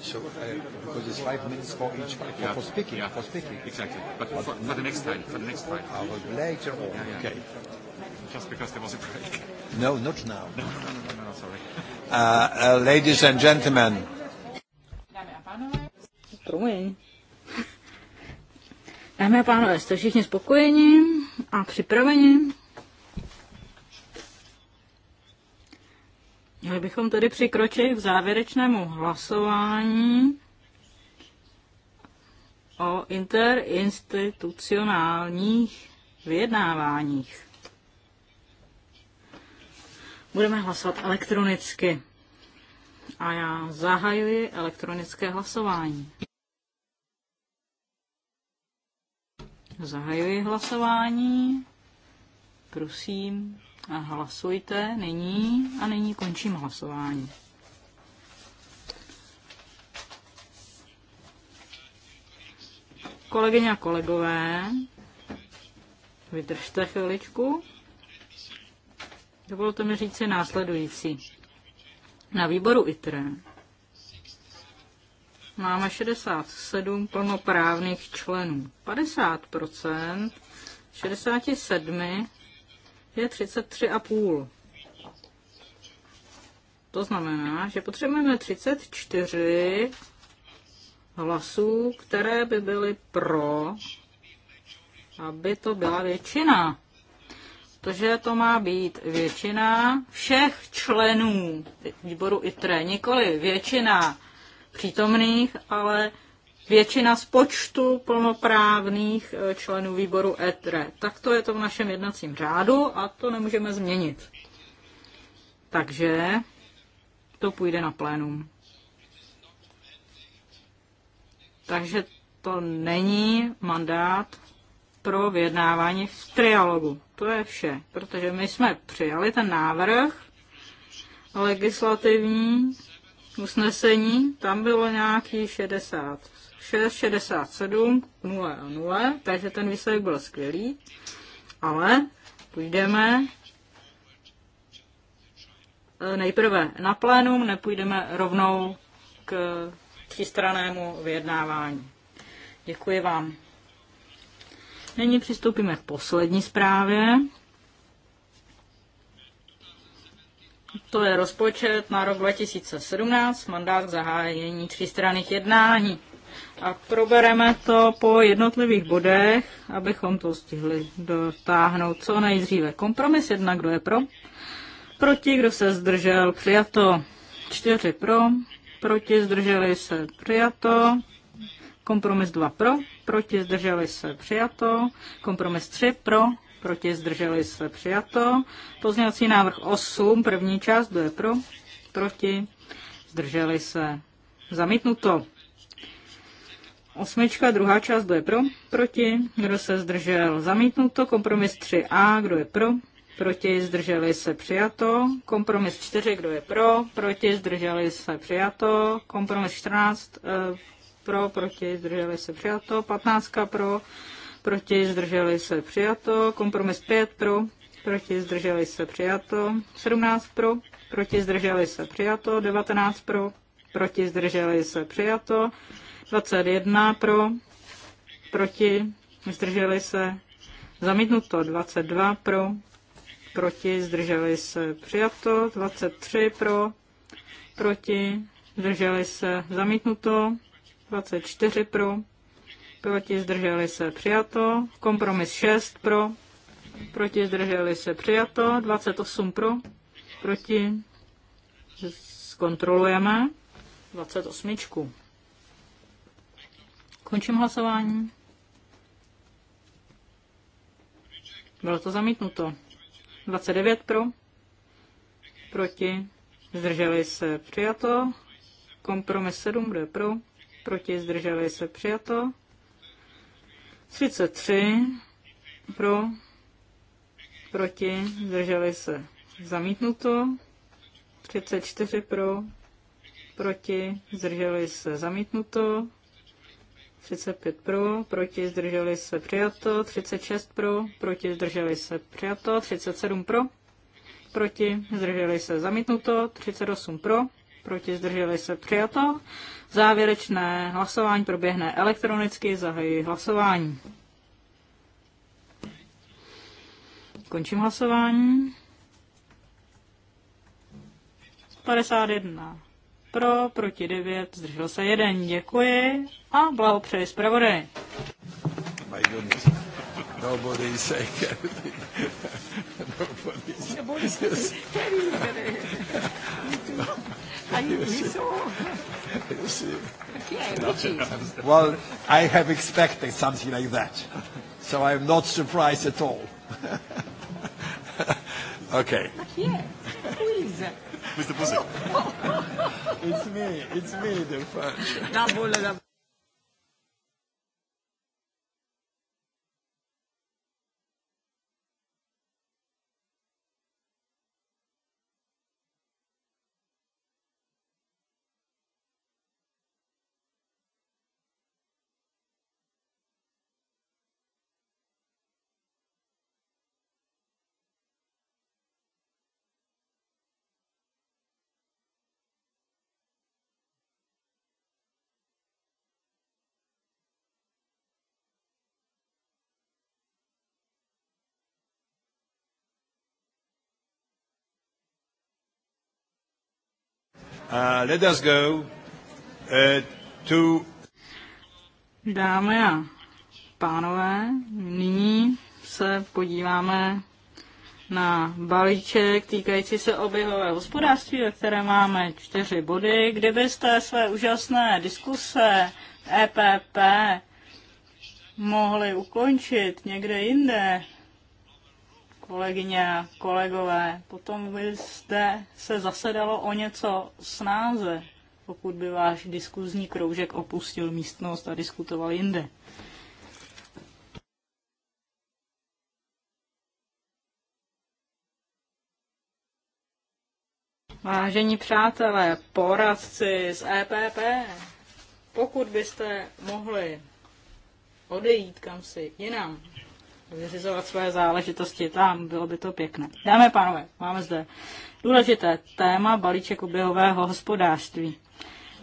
So, uh, because it's five minutes for each yeah. for speaking. Yeah. For speaking. Exactly. But, but for, for the next time. For the next time. later on. Yeah, yeah. Okay. Just because there was a break. No, not now. No, no, no, no, no sorry. Uh, uh, ladies and gentlemen. Dámy a pánové, jste všichni spokojeni a připraveni? Měli bychom tedy přikročit k závěrečnému hlasování o interinstitucionálních vyjednáváních. Budeme hlasovat elektronicky. A já zahajuji elektronické hlasování. Zahajuji hlasování. Prosím, Hlasujte nyní a nyní končím hlasování. Kolegyně a kolegové, vydržte chviličku. Dovolte mi říct si následující. Na výboru ITR máme 67 plnoprávných členů. 50 67 je 33,5. To znamená, že potřebujeme 34 hlasů, které by byly pro, aby to byla většina. Protože to má být většina všech členů výboru ITRE, nikoli většina přítomných, ale většina z počtu plnoprávných eh, členů výboru ETRE. E. Tak to je to v našem jednacím řádu a to nemůžeme změnit. Takže to půjde na plénum. Takže to není mandát pro vyjednávání v trialogu. To je vše, protože my jsme přijali ten návrh legislativní usnesení, tam bylo nějaký 60 6, 67, 0 0, takže ten výsledek byl skvělý, ale půjdeme eh, nejprve na plénum, nepůjdeme rovnou k třístranému vyjednávání. Děkuji vám. Nyní přistoupíme k poslední zprávě. To je rozpočet na rok 2017, mandát k zahájení třístranných jednání a probereme to po jednotlivých bodech, abychom to stihli dotáhnout co nejdříve. Kompromis jedna, kdo je pro, proti, kdo se zdržel, přijato. Čtyři pro, proti, zdrželi se, přijato. Kompromis dva pro, proti, zdrželi se, přijato. Kompromis tři pro, proti, zdrželi se, přijato. Pozměňovací návrh 8, první část, kdo je pro, proti, zdrželi se, zamítnuto. Osmička, druhá část, kdo je pro, proti, kdo se zdržel, zamítnuto, kompromis 3a, kdo je pro, proti, zdrželi se, přijato, kompromis 4, kdo je pro, proti, zdrželi se, přijato, kompromis 14, eh, pro, proti, zdrželi se, přijato, 15 pro, proti, zdrželi se, přijato, kompromis 5 pro, proti, zdrželi se, přijato, 17 pro, proti, zdrželi se, přijato, 19 pro, proti, zdrželi se, přijato, 21 pro, proti, zdrželi se, zamítnuto 22 pro, proti, zdrželi se, přijato 23 pro, proti, zdrželi se, zamítnuto 24 pro, proti, zdrželi se, přijato, kompromis 6 pro, proti, zdrželi se, přijato 28 pro, proti, zkontrolujeme 28. Končím hlasování. Bylo to zamítnuto. 29 pro, proti, zdrželi se přijato. Kompromis 7, bude pro, proti, zdrželi se přijato. 33 pro, proti, zdrželi se zamítnuto. 34 pro, proti, zdrželi se zamítnuto. 35 pro, proti zdrželi se přijato, 36 pro, proti zdrželi se přijato, 37 pro, proti zdrželi se zamítnuto, 38 pro, proti zdrželi se přijato. Závěrečné hlasování proběhne elektronicky, zahají hlasování. Končím hlasování. 51 pro, proti 9, zdržel se 1. Děkuji a blahopřeji zpravodaj. Nobody is well, I have expected something like that, so I'm not surprised at all. Okay. Ma chi Who is? Mr. Pussy. it's me, it's me, Delphine. La la Uh, let us go uh, to... Dámy a pánové, nyní se podíváme na balíček týkající se oběhového hospodářství, ve které máme čtyři body. Kdybyste své úžasné diskuse EPP mohli ukončit někde jinde, kolegyně a kolegové, potom byste se zasedalo o něco snáze, pokud by váš diskuzní kroužek opustil místnost a diskutoval jinde. Vážení přátelé, poradci z EPP, pokud byste mohli odejít kam si jinam, vyřizovat své záležitosti tam, bylo by to pěkné. Dámy a pánové, máme zde důležité téma balíček oběhového hospodářství.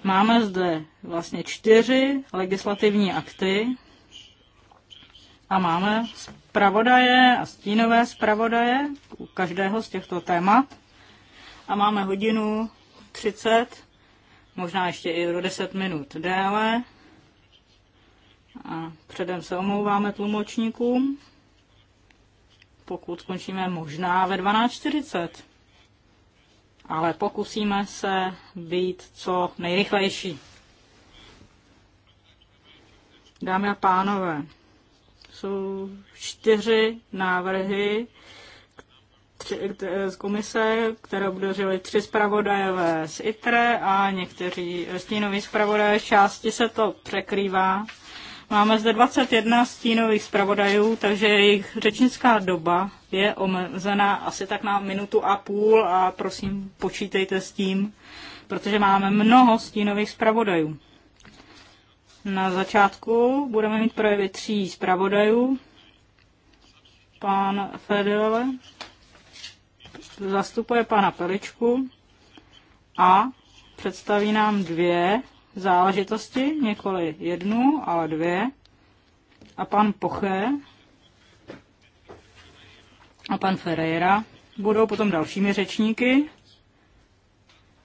Máme zde vlastně čtyři legislativní akty a máme zpravodaje a stínové zpravodaje u každého z těchto témat a máme hodinu 30, možná ještě i do 10 minut déle. A předem se omlouváme tlumočníkům pokud skončíme možná ve 12.40. Ale pokusíme se být co nejrychlejší. Dámy a pánové, jsou čtyři návrhy z komise, které obdrželi tři zpravodajové z ITRE a někteří stínoví zpravodajové. Části se to překrývá Máme zde 21 stínových zpravodajů, takže jejich řečnická doba je omezená asi tak na minutu a půl a prosím počítejte s tím, protože máme mnoho stínových zpravodajů. Na začátku budeme mít projevy tří zpravodajů. Pan Fedele zastupuje pana Peličku a představí nám dvě záležitosti, nikoli jednu, ale dvě. A pan Poché a pan Ferreira budou potom dalšími řečníky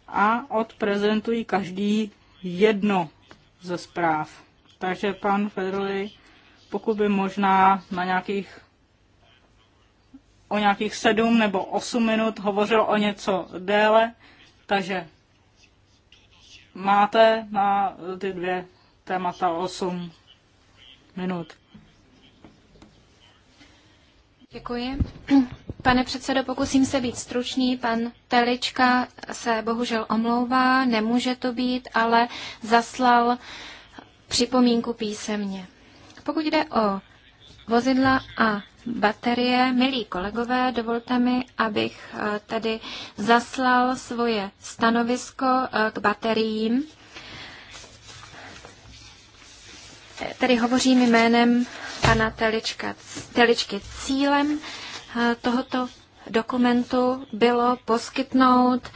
a odprezentují každý jedno ze zpráv. Takže pan Federli, pokud by možná na nějakých o nějakých sedm nebo osm minut hovořil o něco déle, takže máte na ty dvě témata 8 minut. Děkuji. Pane předsedo, pokusím se být stručný. Pan Telička se bohužel omlouvá, nemůže to být, ale zaslal připomínku písemně. Pokud jde o vozidla a baterie. Milí kolegové, dovolte mi, abych eh, tady zaslal svoje stanovisko eh, k bateriím. Tady hovořím jménem pana Telička, Teličky. Cílem eh, tohoto dokumentu bylo poskytnout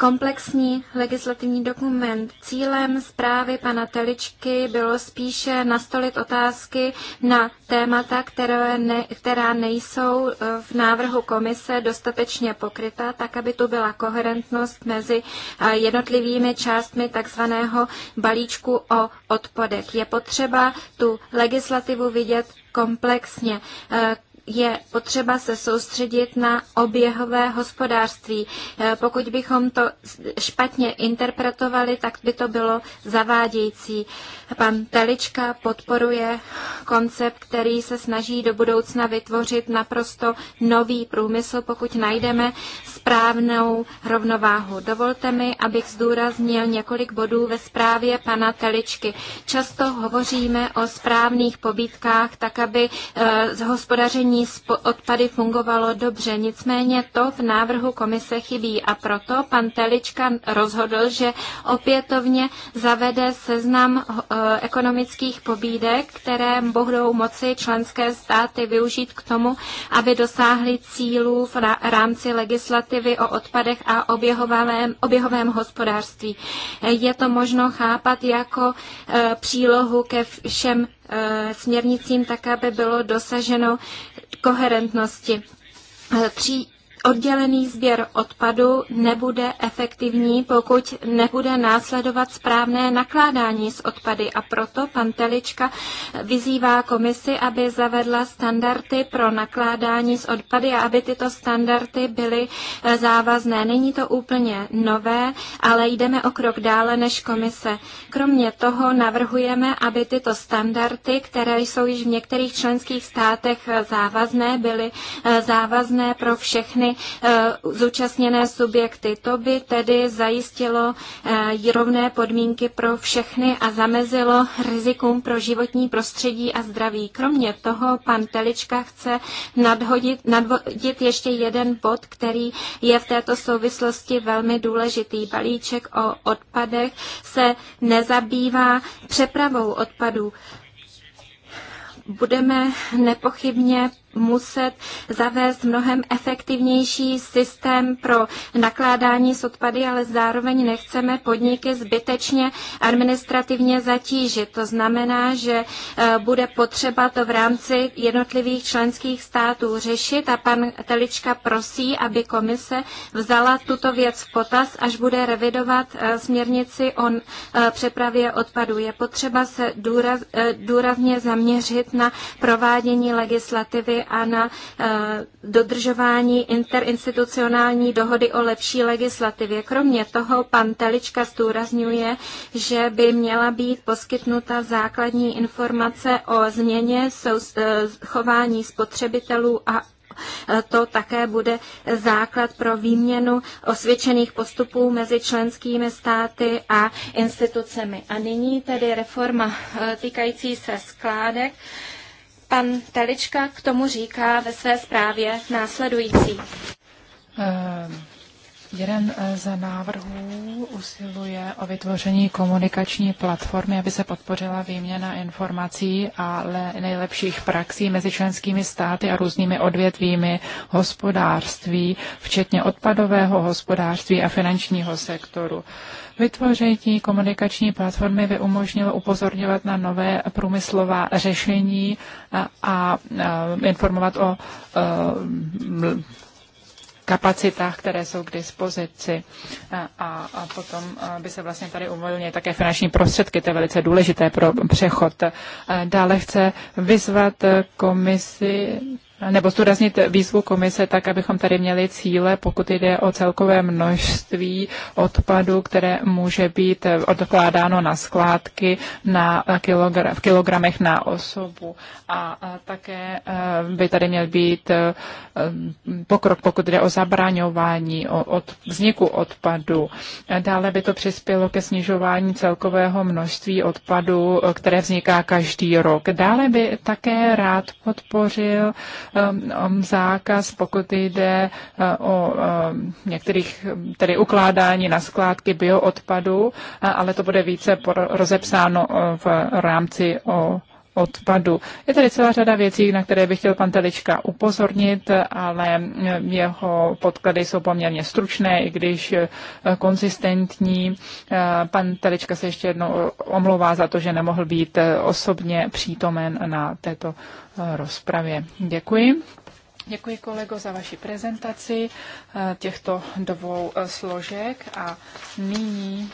komplexní legislativní dokument. Cílem zprávy pana Teličky bylo spíše nastolit otázky na témata, které ne, která nejsou eh, v návrhu komise dostatečně pokryta, tak aby tu byla koherentnost mezi eh, jednotlivými částmi takzvaného balíčku o odpadech. Je potřeba tu legislativu vidět komplexně. Eh, je potřeba se soustředit na oběhové hospodářství. Eh, pokud bychom to špatně interpretovali, tak by to bylo zavádějící. Pan Telička podporuje koncept, který se snaží do budoucna vytvořit naprosto nový průmysl, pokud najdeme správnou rovnováhu. Dovolte mi, abych zdůraznil několik bodů ve zprávě pana Teličky. Často hovoříme o správných pobídkách, tak aby eh, z hospodaření s odpady fungovalo dobře, nicméně to v návrhu komise chybí a proto pan Telička rozhodl, že opětovně zavede seznam eh, ekonomických pobídek, které budou moci členské státy využít k tomu, aby dosáhly cílů v rámci legislativy o odpadech a oběhovém, oběhovém hospodářství. Eh, je to možno chápat jako eh, přílohu ke všem směrnicím tak, aby bylo dosaženo koherentnosti. Eh, tří Oddělený sběr odpadu nebude efektivní, pokud nebude následovat správné nakládání s odpady a proto pan Telička vyzývá komisi, aby zavedla standardy pro nakládání s odpady a aby tyto standardy byly e, závazné. Není to úplně nové, ale jdeme o krok dále než komise. Kromě toho navrhujeme, aby tyto standardy, které jsou již v některých členských státech e, závazné, byly e, závazné pro všechny Eh, zúčastněné subjekty. To by tedy zajistilo eh, rovné podmínky pro všechny a zamezilo rizikům pro životní prostředí a zdraví. Kromě toho pan Telička chce nadhodit, nadhodit ještě jeden bod, který je v této souvislosti velmi důležitý. Balíček o odpadech se nezabývá přepravou odpadů budeme nepochybně muset zavést mnohem efektivnější systém pro nakládání s odpady, ale zároveň nechceme podniky zbytečně administrativně zatížit. To znamená, že eh, bude potřeba to v rámci jednotlivých členských států řešit a pan Telička prosí, aby komise vzala tuto věc v potaz, až bude revidovat eh, směrnici o eh, přepravě odpadů. Je potřeba se důraz, důrazně zaměřit na provádění legislativy a na eh, dodržování interinstitucionální dohody o lepší legislativě. Kromě toho pan Telička zdůrazňuje, že by měla být poskytnuta základní informace o změně eh, chování spotřebitelů a eh, to také bude základ pro výměnu osvědčených postupů mezi členskými státy a institucemi. A nyní tedy reforma týkající se skládek. Pan Telička k tomu říká ve své zprávě následující. Ehm, Jeden eh, z návrhů usiluje o vytvoření komunikační platformy, aby se podpořila výměna informací a nejlepších praxí mezi členskými státy a různými odvětvími hospodářství, včetně odpadového hospodářství a finančního sektoru. Vytvoření komunikační platformy by umožnilo upozorňovat na nové průmyslová řešení a, a, a eh, informovat o a, eh, kapacitách, které jsou k dispozici. A, a potom by se vlastně tady uvolnily také finanční prostředky, to je velice důležité pro přechod. Dále chce vyzvat komisi nebo zdůraznit výzvu komise tak, abychom tady měli cíle, pokud jde o celkové množství odpadu, které může být odkládáno na skládky na kilogra- v kilogramech na osobu. A, a také e, by tady měl být e, pokrok, pokud jde o zabraňování, o od, vzniku odpadu. E, dále by to přispělo ke snižování celkového množství odpadu, které vzniká každý rok. Dále by také rád podpořil Um, um, zákaz, pokud jde uh, o um, některých, tedy ukládání na skládky bioodpadu, ale to bude více rozepsáno uh, v rámci o odpadu. Je tady celá řada věcí, na které bych chtěl pan Telička upozornit, ale jeho podklady jsou poměrně stručné, i když eh, konzistentní. Eh, pan Telička se ještě jednou omlouvá za to, že nemohl být eh, osobně přítomen na této rozpravě. Děkuji. Děkuji kolego za vaši prezentaci těchto dvou složek a nyní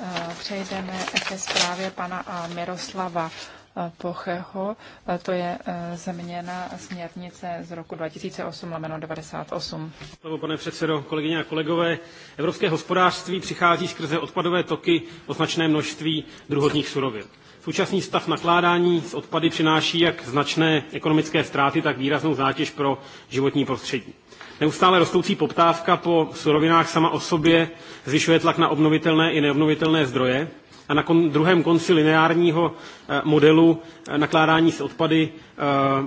Eh, přejdeme ke zprávě pana eh, Miroslava eh, Pocheho. To je změna směrnice z roku 2008 98. Pane předsedo, kolegyně a kolegové, evropské hospodářství přichází skrze odpadové toky o značné množství druhodních surovin. Současný stav nakládání s odpady přináší jak značné ekonomické ztráty, tak výraznou zátěž pro životní prostředí. Neustále rostoucí poptávka po surovinách sama o sobě zvyšuje tlak na obnovitelné i neobnovitelné zdroje a na kon, druhém konci lineárního eh, modelu eh, nakládání s odpady, eh,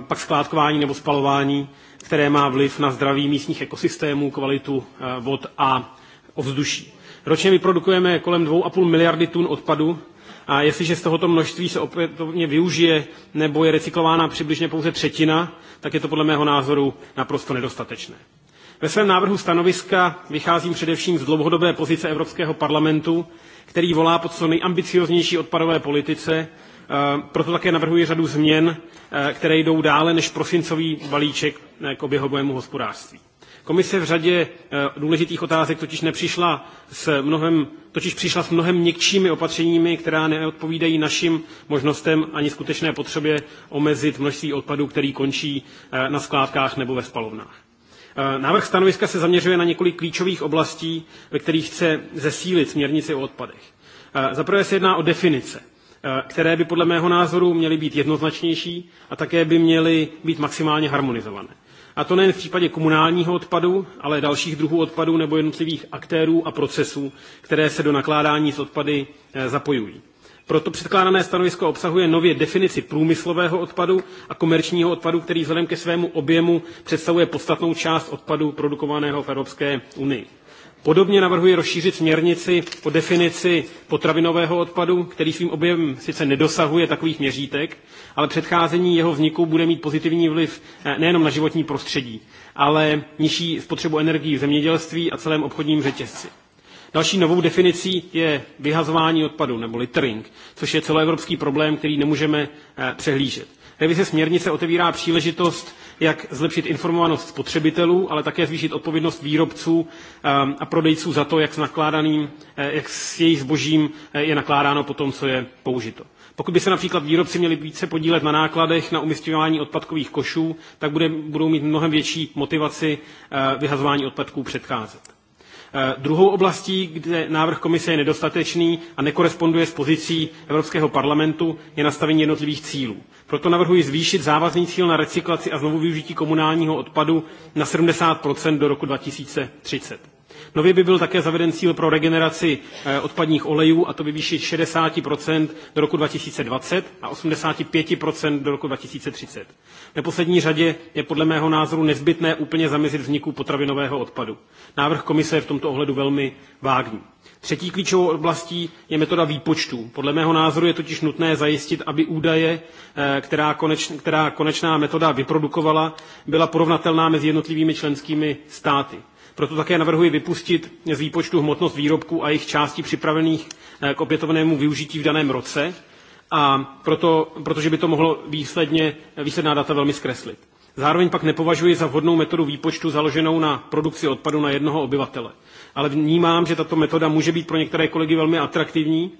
pak skládkování nebo spalování, které má vliv na zdraví místních ekosystémů, kvalitu vod a ovzduší. Ročně vyprodukujeme kolem 2,5 miliardy tun odpadu a jestliže z tohoto množství se opětovně využije nebo je recyklována přibližně pouze třetina, tak je to podle mého názoru naprosto nedostatečné. Ve svém návrhu stanoviska vycházím především z dlouhodobé pozice Evropského parlamentu, který volá po co nejambicioznější odpadové politice, e, proto také navrhuji řadu změn, e, které jdou dále než prosincový balíček e, k oběhovému hospodářství. Komise v řadě důležitých otázek totiž nepřišla s mnohem, totiž přišla s mnohem měkčími opatřeními, která neodpovídají našim možnostem ani skutečné potřebě omezit množství odpadů, který končí na skládkách nebo ve spalovnách. Eh, návrh stanoviska se zaměřuje na několik klíčových oblastí, ve kterých chce zesílit směrnici o odpadech. Eh, za prvé se jedná o definice, eh, které by podle mého názoru měly být jednoznačnější a také by měly být maximálně harmonizované. A to nejen v případě komunálního odpadu, ale dalších druhů odpadů nebo jednotlivých aktérů a procesů, které se do nakládání s odpady zapojují. Proto předkládané stanovisko obsahuje nově definici průmyslového odpadu a komerčního odpadu, který vzhledem ke svému objemu představuje podstatnou část odpadu produkovaného v Evropské unii. Podobně navrhuji rozšířit směrnici o definici potravinového odpadu, který svým objemem sice nedosahuje takových měřítek, ale předcházení jeho vzniku bude mít pozitivní vliv eh, nejenom na životní prostředí, ale nižší spotřebu energií v zemědělství a celém obchodním řetězci. Další novou definicí je vyhazování odpadu nebo littering, což je celoevropský problém, který nemůžeme eh, přehlížet. Revize směrnice otevírá příležitost, jak zlepšit informovanost spotřebitelů, ale také zvýšit odpovědnost výrobců eh, a prodejců za to, jak s, nakládaným, eh, jak s jejich zbožím je nakládáno po tom, co je použito. Pokud by se například výrobci měli více podílet na nákladech na umistování odpadkových košů, tak bude, budou mít mnohem větší motivaci vyhazování odpadků předcházet. Eh, druhou oblastí, kde návrh komise je nedostatečný a nekoresponduje s pozicí Evropského parlamentu, je nastavení jednotlivých cílů. Proto navrhuji zvýšit závazný cíl na recyklaci a znovuvyužití komunálního odpadu na 70 do roku 2030. Nově by byl také zaveden cíl pro regeneraci eh, odpadních olejů, a to by výši 60 do roku 2020 a 85 do roku 2030. V neposlední řadě je podle mého názoru nezbytné úplně zamezit vzniku potravinového odpadu. Návrh komise je v tomto ohledu velmi vágní. Třetí klíčovou oblastí je metoda výpočtů. Podle mého názoru je totiž nutné zajistit, aby údaje, eh, která, koneč, která konečná metoda vyprodukovala, byla porovnatelná mezi jednotlivými členskými státy. Proto také navrhuji vypustit z výpočtu hmotnost výrobků a jejich částí připravených eh, k opětovnému využití v daném roce, a proto, protože by to mohlo výsledně, eh, výsledná data velmi zkreslit. Zároveň pak nepovažuji za vhodnou metodu výpočtu založenou na produkci odpadu na jednoho obyvatele. Ale vnímám, že tato metoda může být pro některé kolegy velmi atraktivní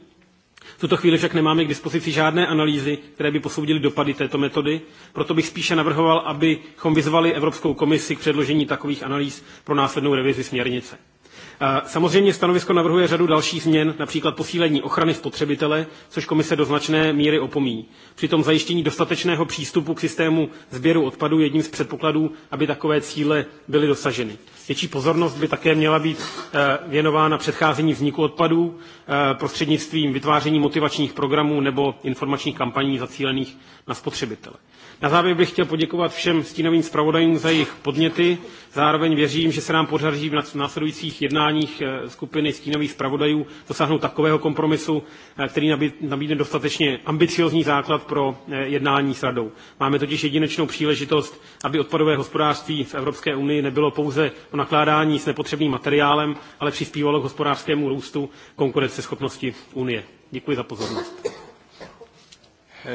v tuto chvíli však nemáme k dispozici žádné analýzy, které by posoudily dopady této metody, proto bych spíše navrhoval, abychom vyzvali Evropskou komisi k předložení takových analýz pro následnou revizi směrnice. Samozřejmě stanovisko navrhuje řadu dalších změn, například posílení ochrany spotřebitele, což komise do značné míry opomíjí. Přitom zajištění dostatečného přístupu k systému sběru odpadů je jedním z předpokladů, aby takové cíle byly dosaženy. Větší pozornost by také měla být eh, věnována předcházení vzniku odpadů eh, prostřednictvím vytváření motivačních programů nebo informačních kampaní zacílených na spotřebitele. Na závěr bych chtěl poděkovat všem stínovým zpravodajům za jejich podněty. Zároveň věřím, že se nám podaří v následujících jednáních eh, skupiny stínových zpravodajů dosáhnout takového kompromisu, eh, který nabídne dostatečně ambiciozní základ pro eh, jednání s radou. Máme totiž jedinečnou příležitost, aby odpadové hospodářství v Evropské unii nebylo pouze o nakládání s nepotřebným materiálem, ale přispívalo k hospodářskému růstu konkurenceschopnosti Unie. Děkuji za pozornost.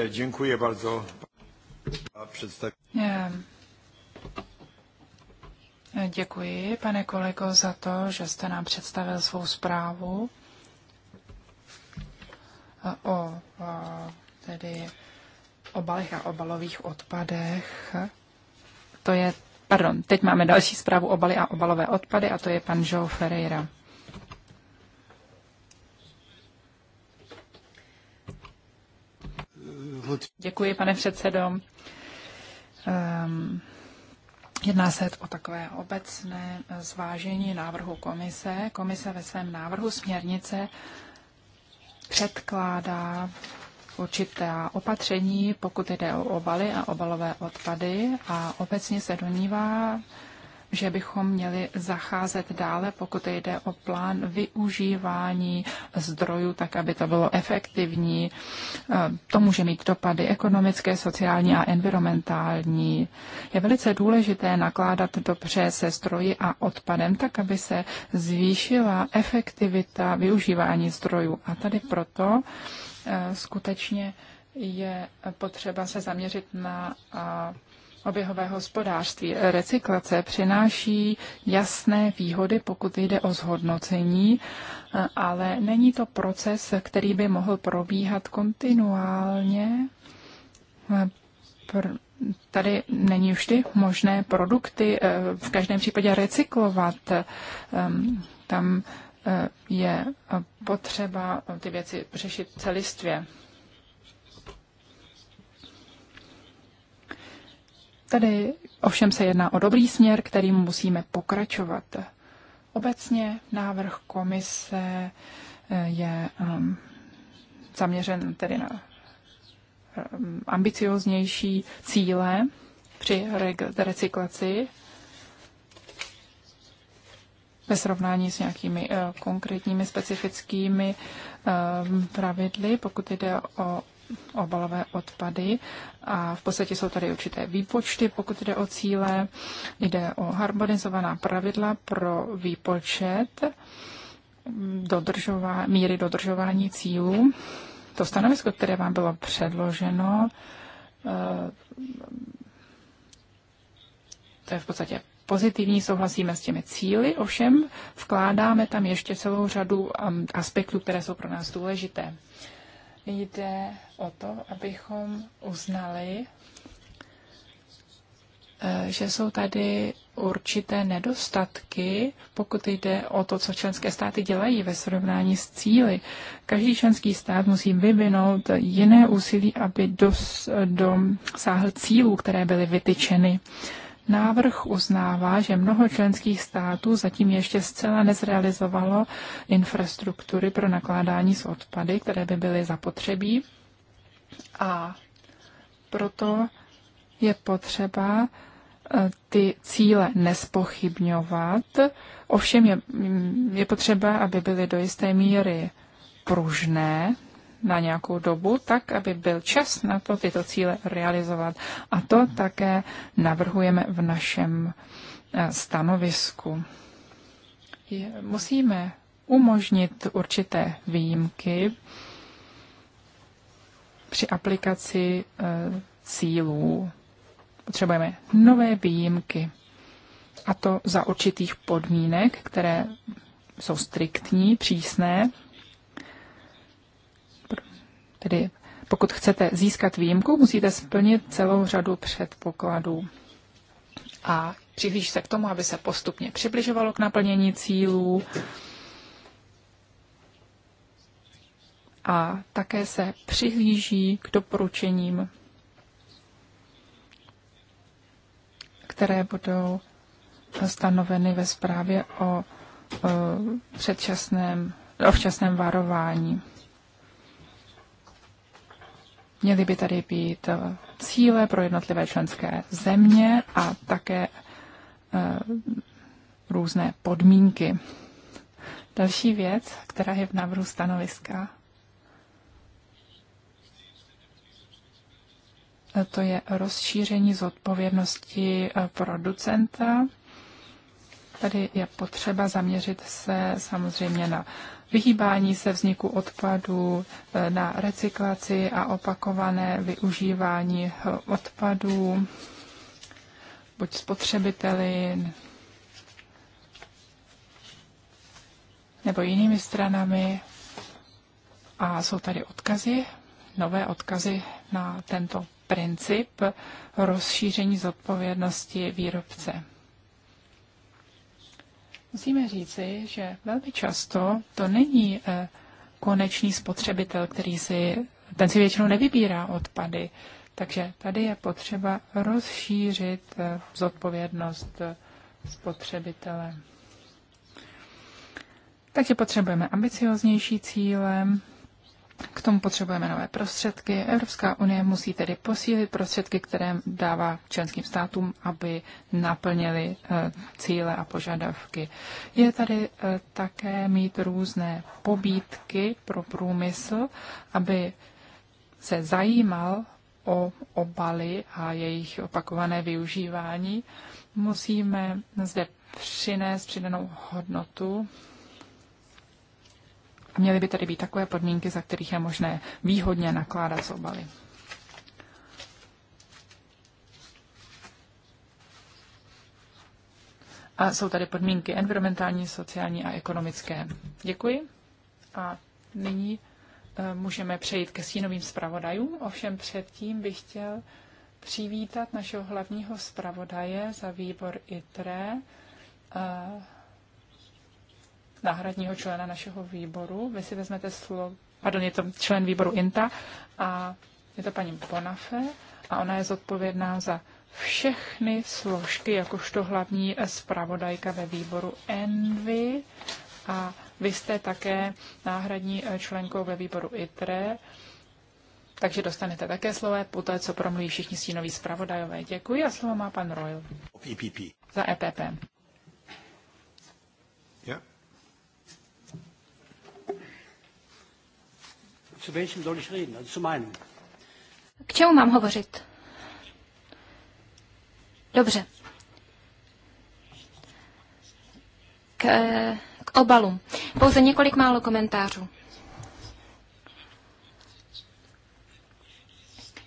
Děkuji bardzo představ... Děkuji, pane kolego, za to, že jste nám představil svou zprávu o tedy obalech a obalových odpadech. To je, pardon, teď máme další zprávu obaly a obalové odpady a to je pan Joe Ferreira. Děkuji, pane předsedo. Ehm, jedná se o takové obecné eh, zvážení návrhu komise. Komise ve svém návrhu směrnice předkládá určitá opatření, pokud jde o obaly a obalové odpady a obecně se domnívá, že bychom měli zacházet dále, pokud jde o plán využívání zdrojů, tak aby to bylo efektivní. Eh, to může mít dopady ekonomické, sociální a environmentální. Je velice důležité nakládat dobře se zdroji a odpadem, tak aby se zvýšila efektivita využívání zdrojů. A tady proto eh, skutečně je potřeba se zaměřit na eh, oběhové hospodářství. Recyklace přináší jasné výhody, pokud jde o zhodnocení, ale není to proces, který by mohl probíhat kontinuálně. Tady není vždy možné produkty eh, v každém případě recyklovat. Ehm, tam eh, je potřeba ty věci řešit celistvě. Tady ovšem se jedná o dobrý směr, kterým musíme pokračovat. Obecně návrh komise eh, je ehm, zaměřen tedy na ehm, ambicioznější cíle při recyklaci ve srovnání s nějakými eh, konkrétními specifickými ehm, pravidly, pokud jde o obalové odpady a v podstatě jsou tady určité výpočty, pokud jde o cíle. Jde o harmonizovaná pravidla pro výpočet dodržová, míry dodržování cílů. To stanovisko, které vám bylo předloženo, eh, to je v podstatě pozitivní, souhlasíme s těmi cíly, ovšem vkládáme tam ještě celou řadu um, aspektů, které jsou pro nás důležité jde o to, abychom uznali, e, že jsou tady určité nedostatky, pokud jde o to, co členské státy dělají ve srovnání s cíly. Každý členský stát musí vyvinout jiné úsilí, aby dosáhl cílů, které byly vytyčeny. Návrh uznává, že mnoho členských států zatím ještě zcela nezrealizovalo infrastruktury pro nakládání s odpady, které by byly zapotřebí. A proto je potřeba eh, ty cíle nespochybňovat, ovšem je, mm, je potřeba, aby byly do jisté míry pružné, na nějakou dobu, tak aby byl čas na to tyto cíle realizovat. A to také navrhujeme v našem eh, stanovisku. Musíme umožnit určité výjimky při aplikaci eh, cílů. Potřebujeme nové výjimky, a to za určitých podmínek, které jsou striktní, přísné, Tedy pokud chcete získat výjimku, musíte splnit celou řadu předpokladů. A přihlíž se k tomu, aby se postupně přibližovalo k naplnění cílů a také se přihlíží k doporučením, které budou stanoveny ve zprávě o, o e, předčasném, o včasném varování. Měly by tady být eh, cíle pro jednotlivé členské země a také eh, různé podmínky. Další věc, která je v návrhu stanoviska, eh, to je rozšíření zodpovědnosti producenta. Tady je potřeba zaměřit se samozřejmě na vyhýbání se vzniku odpadů, e, na recyklaci a opakované využívání e, odpadů, buď spotřebiteli nebo jinými stranami. A jsou tady odkazy, nové odkazy na tento princip rozšíření zodpovědnosti výrobce. Musíme říci, že velmi často to není eh, konečný spotřebitel, který si, ten si většinou nevybírá odpady. Takže tady je potřeba rozšířit eh, zodpovědnost eh, spotřebitele. Takže potřebujeme ambicioznější cíle, k tomu potřebujeme nové prostředky. Evropská unie musí tedy posílit prostředky, které dává členským státům, aby naplnili eh, cíle a požadavky. Je tady eh, také mít různé pobídky pro průmysl, aby se zajímal o obaly a jejich opakované využívání. Musíme zde přinést přidanou hodnotu Měly by tady být takové podmínky, za kterých je možné výhodně nakládat s obaly. A jsou tady podmínky environmentální, sociální a ekonomické. Děkuji. A nyní eh, můžeme přejít ke stínovým zpravodajům. Ovšem předtím bych chtěl přivítat našeho hlavního zpravodaje za výbor ITRE, eh, náhradního člena našeho výboru. Vy si vezmete slovo, pardon, je to člen výboru INTA a je to paní Bonafe a ona je zodpovědná za všechny složky, jakožto hlavní zpravodajka ve výboru ENVY a vy jste také náhradní členkou ve výboru ITRE, takže dostanete také slovo po té, co promluví všichni stínoví zpravodajové. Děkuji a slovo má pan Royal. E za EPP. Zu welchem soll ich reden? Also zu meinem. K čemu mám hovořit? Dobře. K, k obalu. Pouze několik málo komentářů.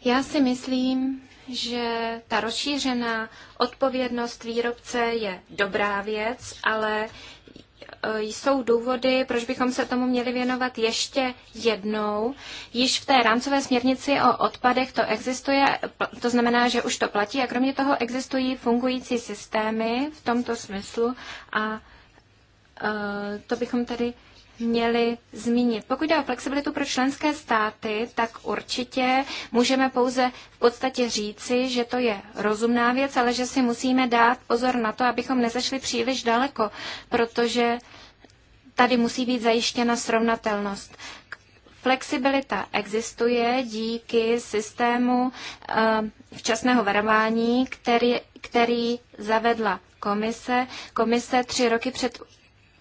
Já si myslím, že ta rozšířená odpovědnost výrobce je dobrá věc, ale E, jsou důvody, proč bychom se tomu měli věnovat ještě jednou. Již v té rámcové směrnici o odpadech to existuje, to znamená, že už to platí a kromě toho existují fungující systémy v tomto smyslu a e, to bychom tedy měli zmínit. Pokud jde o flexibilitu pro členské státy, tak určitě můžeme pouze v podstatě říci, že to je rozumná věc, ale že si musíme dát pozor na to, abychom nezašli příliš daleko, protože tady musí být zajištěna srovnatelnost. Flexibilita existuje díky systému eh, včasného varování, který, který zavedla komise. Komise tři roky před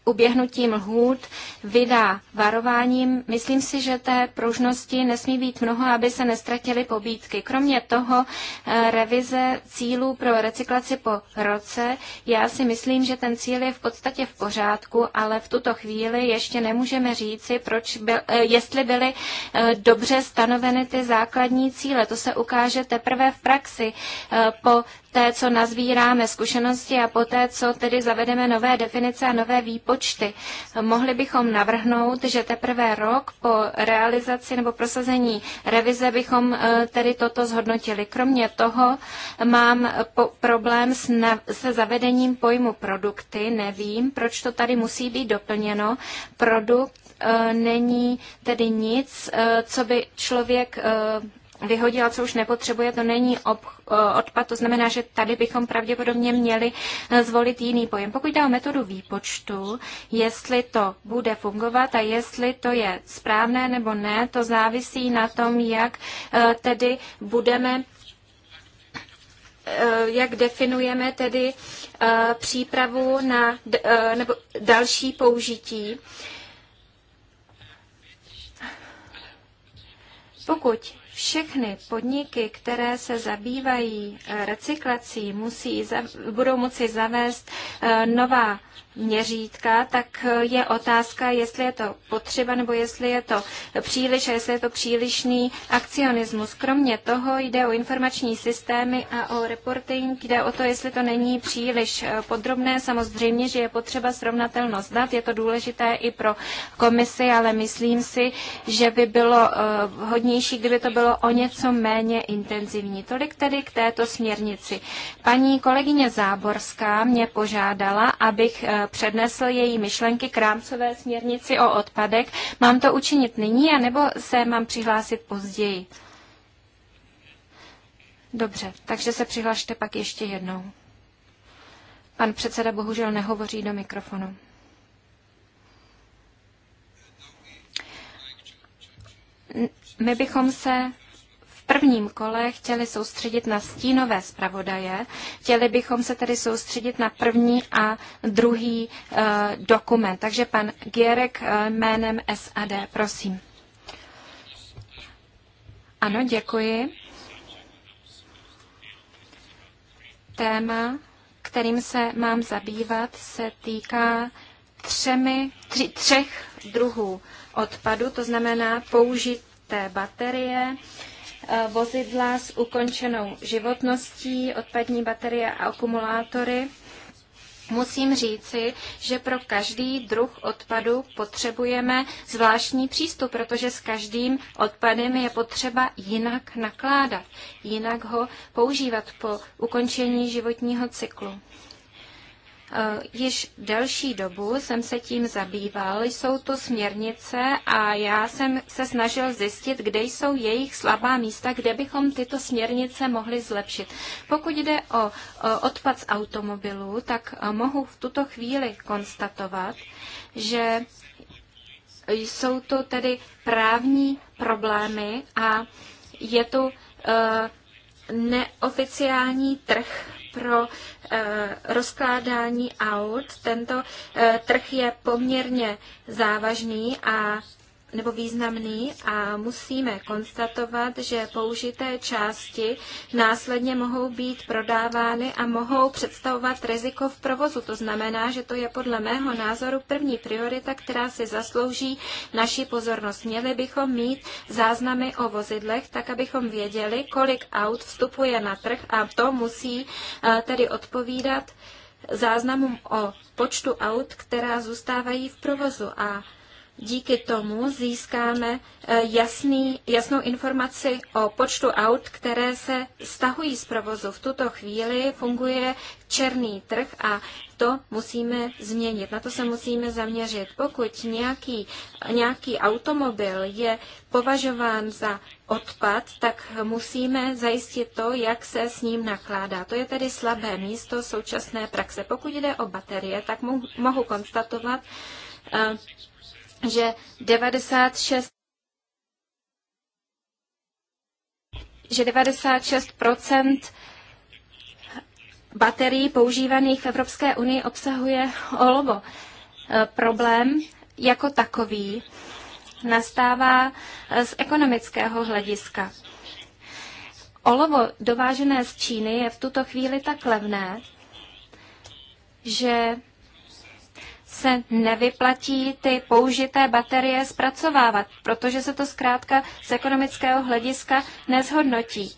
uběhnutím lhůt vydá varováním. Myslím si, že té pružnosti nesmí být mnoho, aby se nestratily pobídky. Kromě toho eh, revize cílů pro recyklaci po roce, já si myslím, že ten cíl je v podstatě v pořádku, ale v tuto chvíli ještě nemůžeme říci, proč byl, eh, jestli byly eh, dobře stanoveny ty základní cíle. To se ukáže teprve v praxi po té, co nazvíráme zkušenosti a poté, co tedy zavedeme nové definice a nové výpočty, mohli bychom navrhnout, že teprve rok po realizaci nebo prosazení revize bychom eh, tedy toto zhodnotili. Kromě toho mám problém s se zavedením pojmu produkty. Nevím, proč to tady musí být doplněno. Produkt eh, není tedy nic, eh, co by člověk vyhodila, co už nepotřebuje, to není ob, eh, odpad, to znamená, že tady bychom pravděpodobně měli eh, zvolit jiný pojem. Pokud jde o metodu výpočtu, jestli to bude fungovat a jestli to je správné nebo ne, to závisí na tom, jak eh, tedy budeme jak definujeme tedy přípravu na nebo další použití. Pokud všechny podniky, které se zabývají eh, recyklací, musí, budou moci zavést eh, nová měřítka, tak je otázka, jestli je to potřeba nebo jestli je to příliš a jestli je to přílišný akcionismus. Kromě toho jde o informační systémy a o reporting, jde o to, jestli to není příliš eh, podrobné. Samozřejmě, že je potřeba srovnatelnost dat, je to důležité i pro komisi, ale myslím si, že by bylo eh, hodnější, kdyby to bylo o něco méně intenzivní. Tolik tedy k této směrnici. Paní kolegyně Záborská mě požádala, abych eh, přednesl její myšlenky k rámcové směrnici o odpadek. Mám to učinit nyní, anebo se mám přihlásit později? Dobře, takže se přihlašte pak ještě jednou. Pan předseda bohužel nehovoří do mikrofonu. My bychom se prvním kole chtěli soustředit na stínové zpravodaje. Chtěli bychom se tedy soustředit na první a druhý uh, dokument. Takže pan Gierek uh, jménem SAD, prosím. Ano, děkuji. Téma, kterým se mám zabývat, se týká třemi, tři, třech druhů odpadu, to znamená použité baterie, Eh, vozidla s ukončenou životností, odpadní baterie a akumulátory. Musím říci, že pro každý druh odpadu potřebujeme zvláštní přístup, protože s každým odpadem je potřeba jinak nakládat, jinak ho používat po ukončení životního cyklu. Eh, již delší dobu jsem se tím zabýval. Jsou to směrnice a já jsem se snažil zjistit, kde jsou jejich slabá místa, kde bychom tyto směrnice mohli zlepšit. Pokud jde o odpad z automobilů, tak eh, mohu v tuto chvíli konstatovat, že jsou to tedy právní problémy a je tu eh, neoficiální trh pro eh, rozkládání aut. Tento eh, trh je poměrně závažný a nebo významný a musíme konstatovat, že použité části následně mohou být prodávány a mohou představovat riziko v provozu. To znamená, že to je podle mého názoru první priorita, která si zaslouží naši pozornost. Měli bychom mít záznamy o vozidlech, tak abychom věděli, kolik aut vstupuje na trh a to musí eh, tedy odpovídat záznamům o počtu aut, která zůstávají v provozu. A díky tomu získáme eh, jasný, jasnou informaci o počtu aut, které se stahují z provozu. V tuto chvíli funguje černý trh a to musíme změnit. Na to se musíme zaměřit. Pokud nějaký, nějaký automobil je považován za odpad, tak musíme zajistit to, jak se s ním nakládá. To je tedy slabé místo současné praxe. Pokud jde o baterie, tak mohu konstatovat, eh, že 96 že 96 baterií používaných v Evropské unii obsahuje olovo. E, problém jako takový nastává e, z ekonomického hlediska. Olovo dovážené z Číny je v tuto chvíli tak levné, že se nevyplatí ty použité baterie zpracovávat, protože se to zkrátka z ekonomického hlediska nezhodnotí.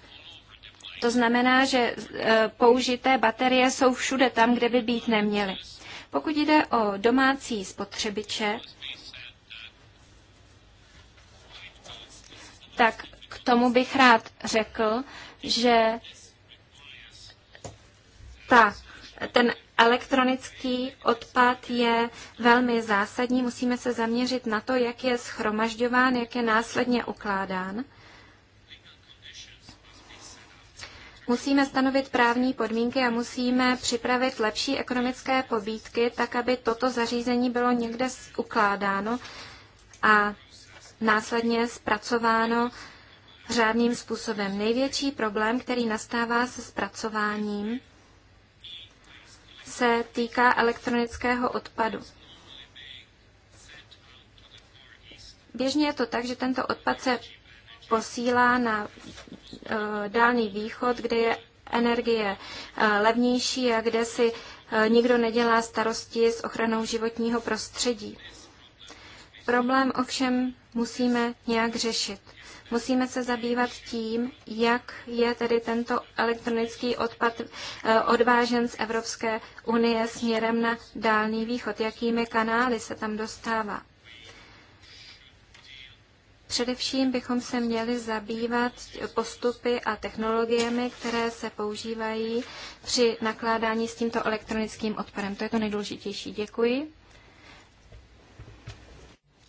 To znamená, že e, použité baterie jsou všude tam, kde by být neměly. Pokud jde o domácí spotřebiče, tak k tomu bych rád řekl, že ta, ten Elektronický odpad je velmi zásadní. Musíme se zaměřit na to, jak je schromažďován, jak je následně ukládán. Musíme stanovit právní podmínky a musíme připravit lepší ekonomické pobídky, tak aby toto zařízení bylo někde ukládáno a následně zpracováno řádným způsobem. Největší problém, který nastává se zpracováním, se týká elektronického odpadu. Běžně je to tak, že tento odpad se posílá na e, Dálný východ, kde je energie e, levnější a kde si e, nikdo nedělá starosti s ochranou životního prostředí. Problém ovšem musíme nějak řešit. Musíme se zabývat tím, jak je tedy tento elektronický odpad eh, odvážen z Evropské unie směrem na Dálný východ, jakými kanály se tam dostává. Především bychom se měli zabývat postupy a technologiemi, které se používají při nakládání s tímto elektronickým odpadem. To je to nejdůležitější. Děkuji.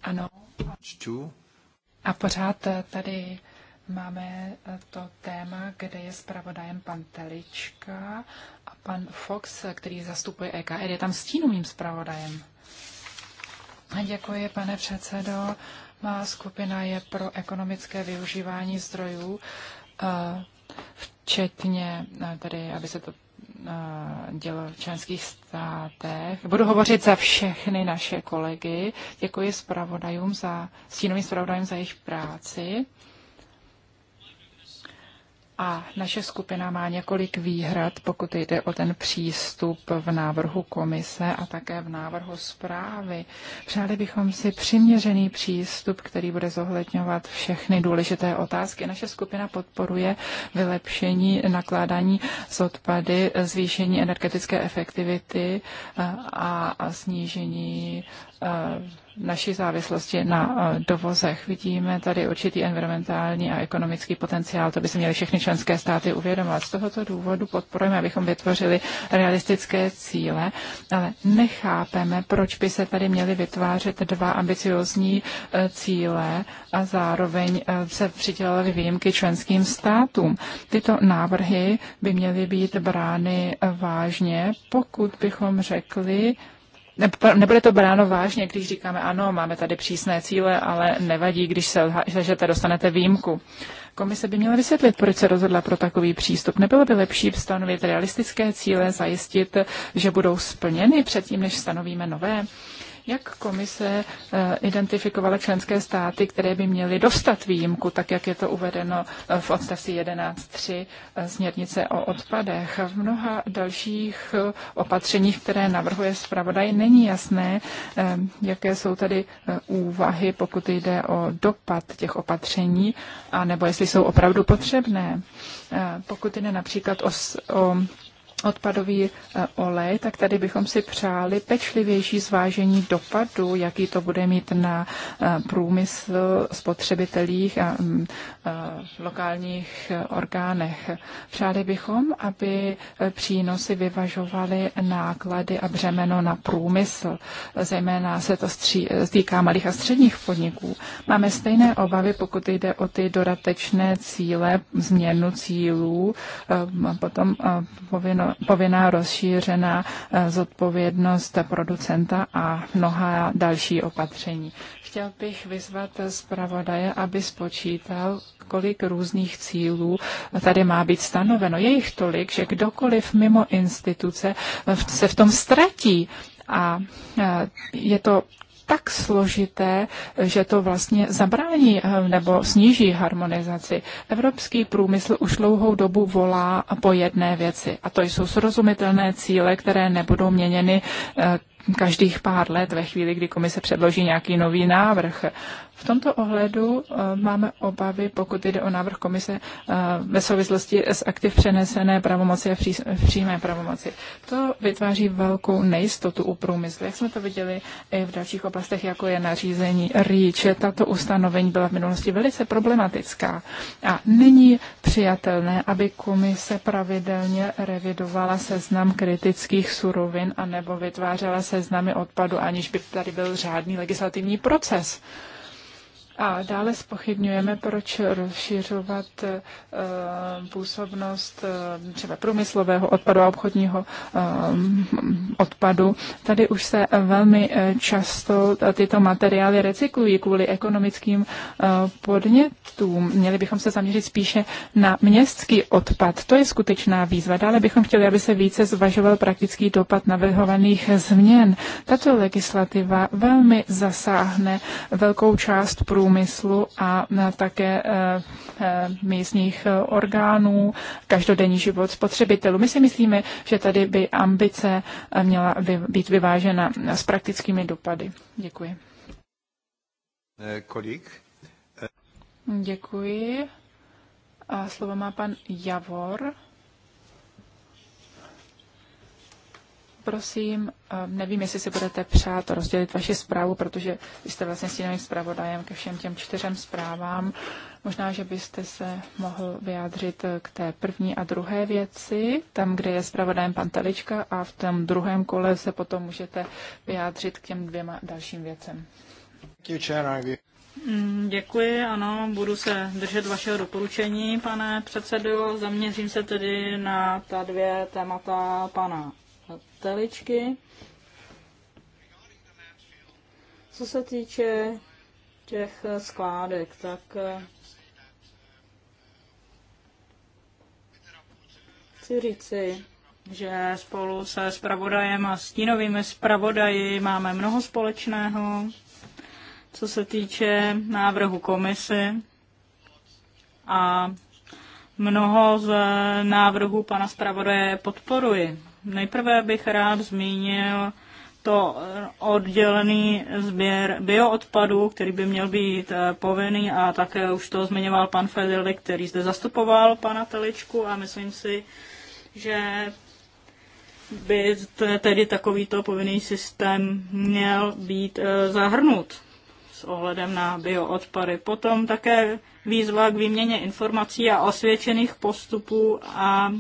Ano. Čtu. A pořád tady máme to téma, kde je zpravodajem pan Telička a pan Fox, který zastupuje EKR, je tam stínovým zpravodajem. Děkuji, pane předsedo. Má skupina je pro ekonomické využívání zdrojů, eh, včetně, eh, tedy, aby se to Eh, dělo v členských státech. Budu hovořit za všechny naše kolegy. Děkuji zpravodajům za, stínovým zpravodajům za jejich práci. A naše skupina má několik výhrad, pokud jde o ten přístup v návrhu komise a také v návrhu zprávy. Přáli bychom si přiměřený přístup, který bude zohledňovat všechny důležité otázky. Naše skupina podporuje vylepšení nakládání s odpady, zvýšení energetické efektivity eh, a snížení Eh, naší závislosti na eh, dovozech. Vidíme tady určitý environmentální a ekonomický potenciál, to by se měly všechny členské státy uvědomovat. Z tohoto důvodu podporujeme, abychom vytvořili realistické cíle, ale nechápeme, proč by se tady měly vytvářet dva ambiciozní eh, cíle a zároveň se přidělaly výjimky členským státům. Tyto návrhy by měly být brány vážně, pokud bychom řekli, nebude to bráno vážně, když říkáme ano, máme tady přísné cíle, ale nevadí, když se lžete, dostanete výjimku. Komise by měla vysvětlit, proč se rozhodla pro takový přístup. Nebylo by lepší stanovit realistické cíle, zajistit, že budou splněny předtím, než stanovíme nové? Jak komise eh, identifikovala členské státy, které by měly dostat výjimku, tak jak je to uvedeno eh, v odstavci 11.3 eh, směrnice o odpadech? V mnoha dalších opatřeních, které navrhuje zpravodaj, není jasné, jaké jsou tady úvahy, pokud jde o dopad těch opatření, anebo jestli jsou opravdu potřebné. Pokud jde například o, o odpadový eh, olej, tak tady bychom si přáli pečlivější zvážení dopadu, jaký to bude mít na eh, průmysl spotřebitelích a mm, eh, lokálních orgánech. Přáli bychom, aby přínosy vyvažovaly náklady a břemeno na průmysl. Zejména se to týká malých a středních podniků. Máme stejné obavy, pokud jde o ty dodatečné cíle, změnu cílů, potom povinnost povinná rozšířená eh, zodpovědnost producenta a mnoha další opatření. Chtěl bych vyzvat zpravodaje, aby spočítal, kolik různých cílů tady má být stanoveno. Je jich tolik, že kdokoliv mimo instituce se v tom ztratí. A eh, je to tak složité, že to vlastně zabrání eh, nebo sníží harmonizaci. Evropský průmysl už dlouhou dobu volá po jedné věci a to jsou srozumitelné cíle, které nebudou měněny eh, každých pár let ve chvíli, kdy komise předloží nějaký nový návrh. V tomto ohledu eh, máme obavy, pokud jde o návrh komise eh, ve souvislosti s aktiv přenesené pravomoci a pří, přímé pravomoci. To vytváří velkou nejistotu u průmyslu, jak jsme to viděli i v dalších oblastech, jako je nařízení REACH. Tato ustanovení byla v minulosti velice problematická a není přijatelné, aby komise pravidelně revidovala seznam kritických surovin a nebo vytvářela seznamy odpadu, aniž by tady byl řádný legislativní proces. A dále spochybňujeme, proč rozšiřovat eh, působnost eh, třeba průmyslového odpadu a obchodního eh, odpadu. Tady už se velmi často tyto materiály recyklují kvůli ekonomickým podnětům. Měli bychom se zaměřit spíše na městský odpad. To je skutečná výzva. Dále bychom chtěli, aby se více zvažoval praktický dopad navrhovaných změn. Tato legislativa velmi zasáhne velkou část průmyslu průmyslu a e, také e, e, místních orgánů, každodenní život spotřebitelů. My si myslíme, že tady by ambice měla být vyvážena s praktickými dopady. Děkuji. Kolik? Děkuji. A slovo má pan Javor. prosím, ehm, nevím, jestli si budete přát rozdělit vaši zprávu, protože vy jste vlastně stínovým zpravodajem ke všem těm čtyřem zprávám. Možná, že byste se mohl vyjádřit eh, k té první a druhé věci, tam, kde je zpravodajem pan Telička a v tom druhém kole se potom můžete vyjádřit k těm dvěma dalším věcem. Mm, děkuji, ano, budu se držet vašeho doporučení, pane předsedo. Zaměřím se tedy na ta dvě témata pana teličky. Co se týče těch skládek, tak eh, chci říci, že spolu se spravodajem a stínovými spravodají máme mnoho společného, co se týče návrhu komisy a mnoho z návrhů pana zpravodaje podporuji. Nejprve bych rád zmínil to oddělený sběr bioodpadů, který by měl být eh, povinný a také už to zmiňoval pan Federli, který zde zastupoval pana Teličku a myslím si, že by tedy takovýto povinný systém měl být eh, zahrnut s ohledem na bioodpady. Potom také výzva k výměně informací a osvědčených postupů a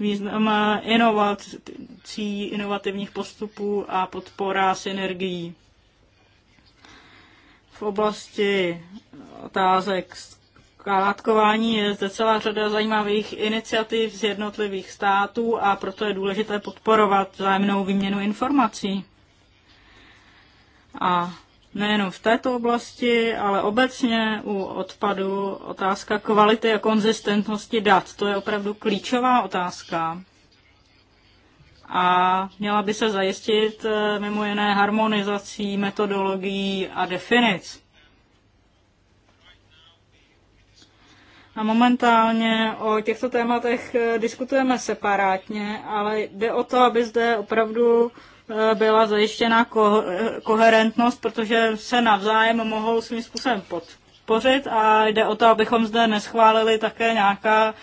význam inovací, inovativních postupů a podpora synergií. V oblasti otázek skládkování je zde celá řada zajímavých iniciativ z jednotlivých států a proto je důležité podporovat vzájemnou výměnu informací. A nejenom v této oblasti, ale obecně u odpadu otázka kvality a konzistentnosti dat. To je opravdu klíčová otázka. A měla by se zajistit eh, mimo jiné harmonizací metodologií a definic. A momentálně o těchto tématech eh, diskutujeme separátně, ale jde o to, aby zde opravdu byla zajištěna ko- koherentnost, protože se navzájem mohou svým způsobem podpořit a jde o to, abychom zde neschválili také nějaká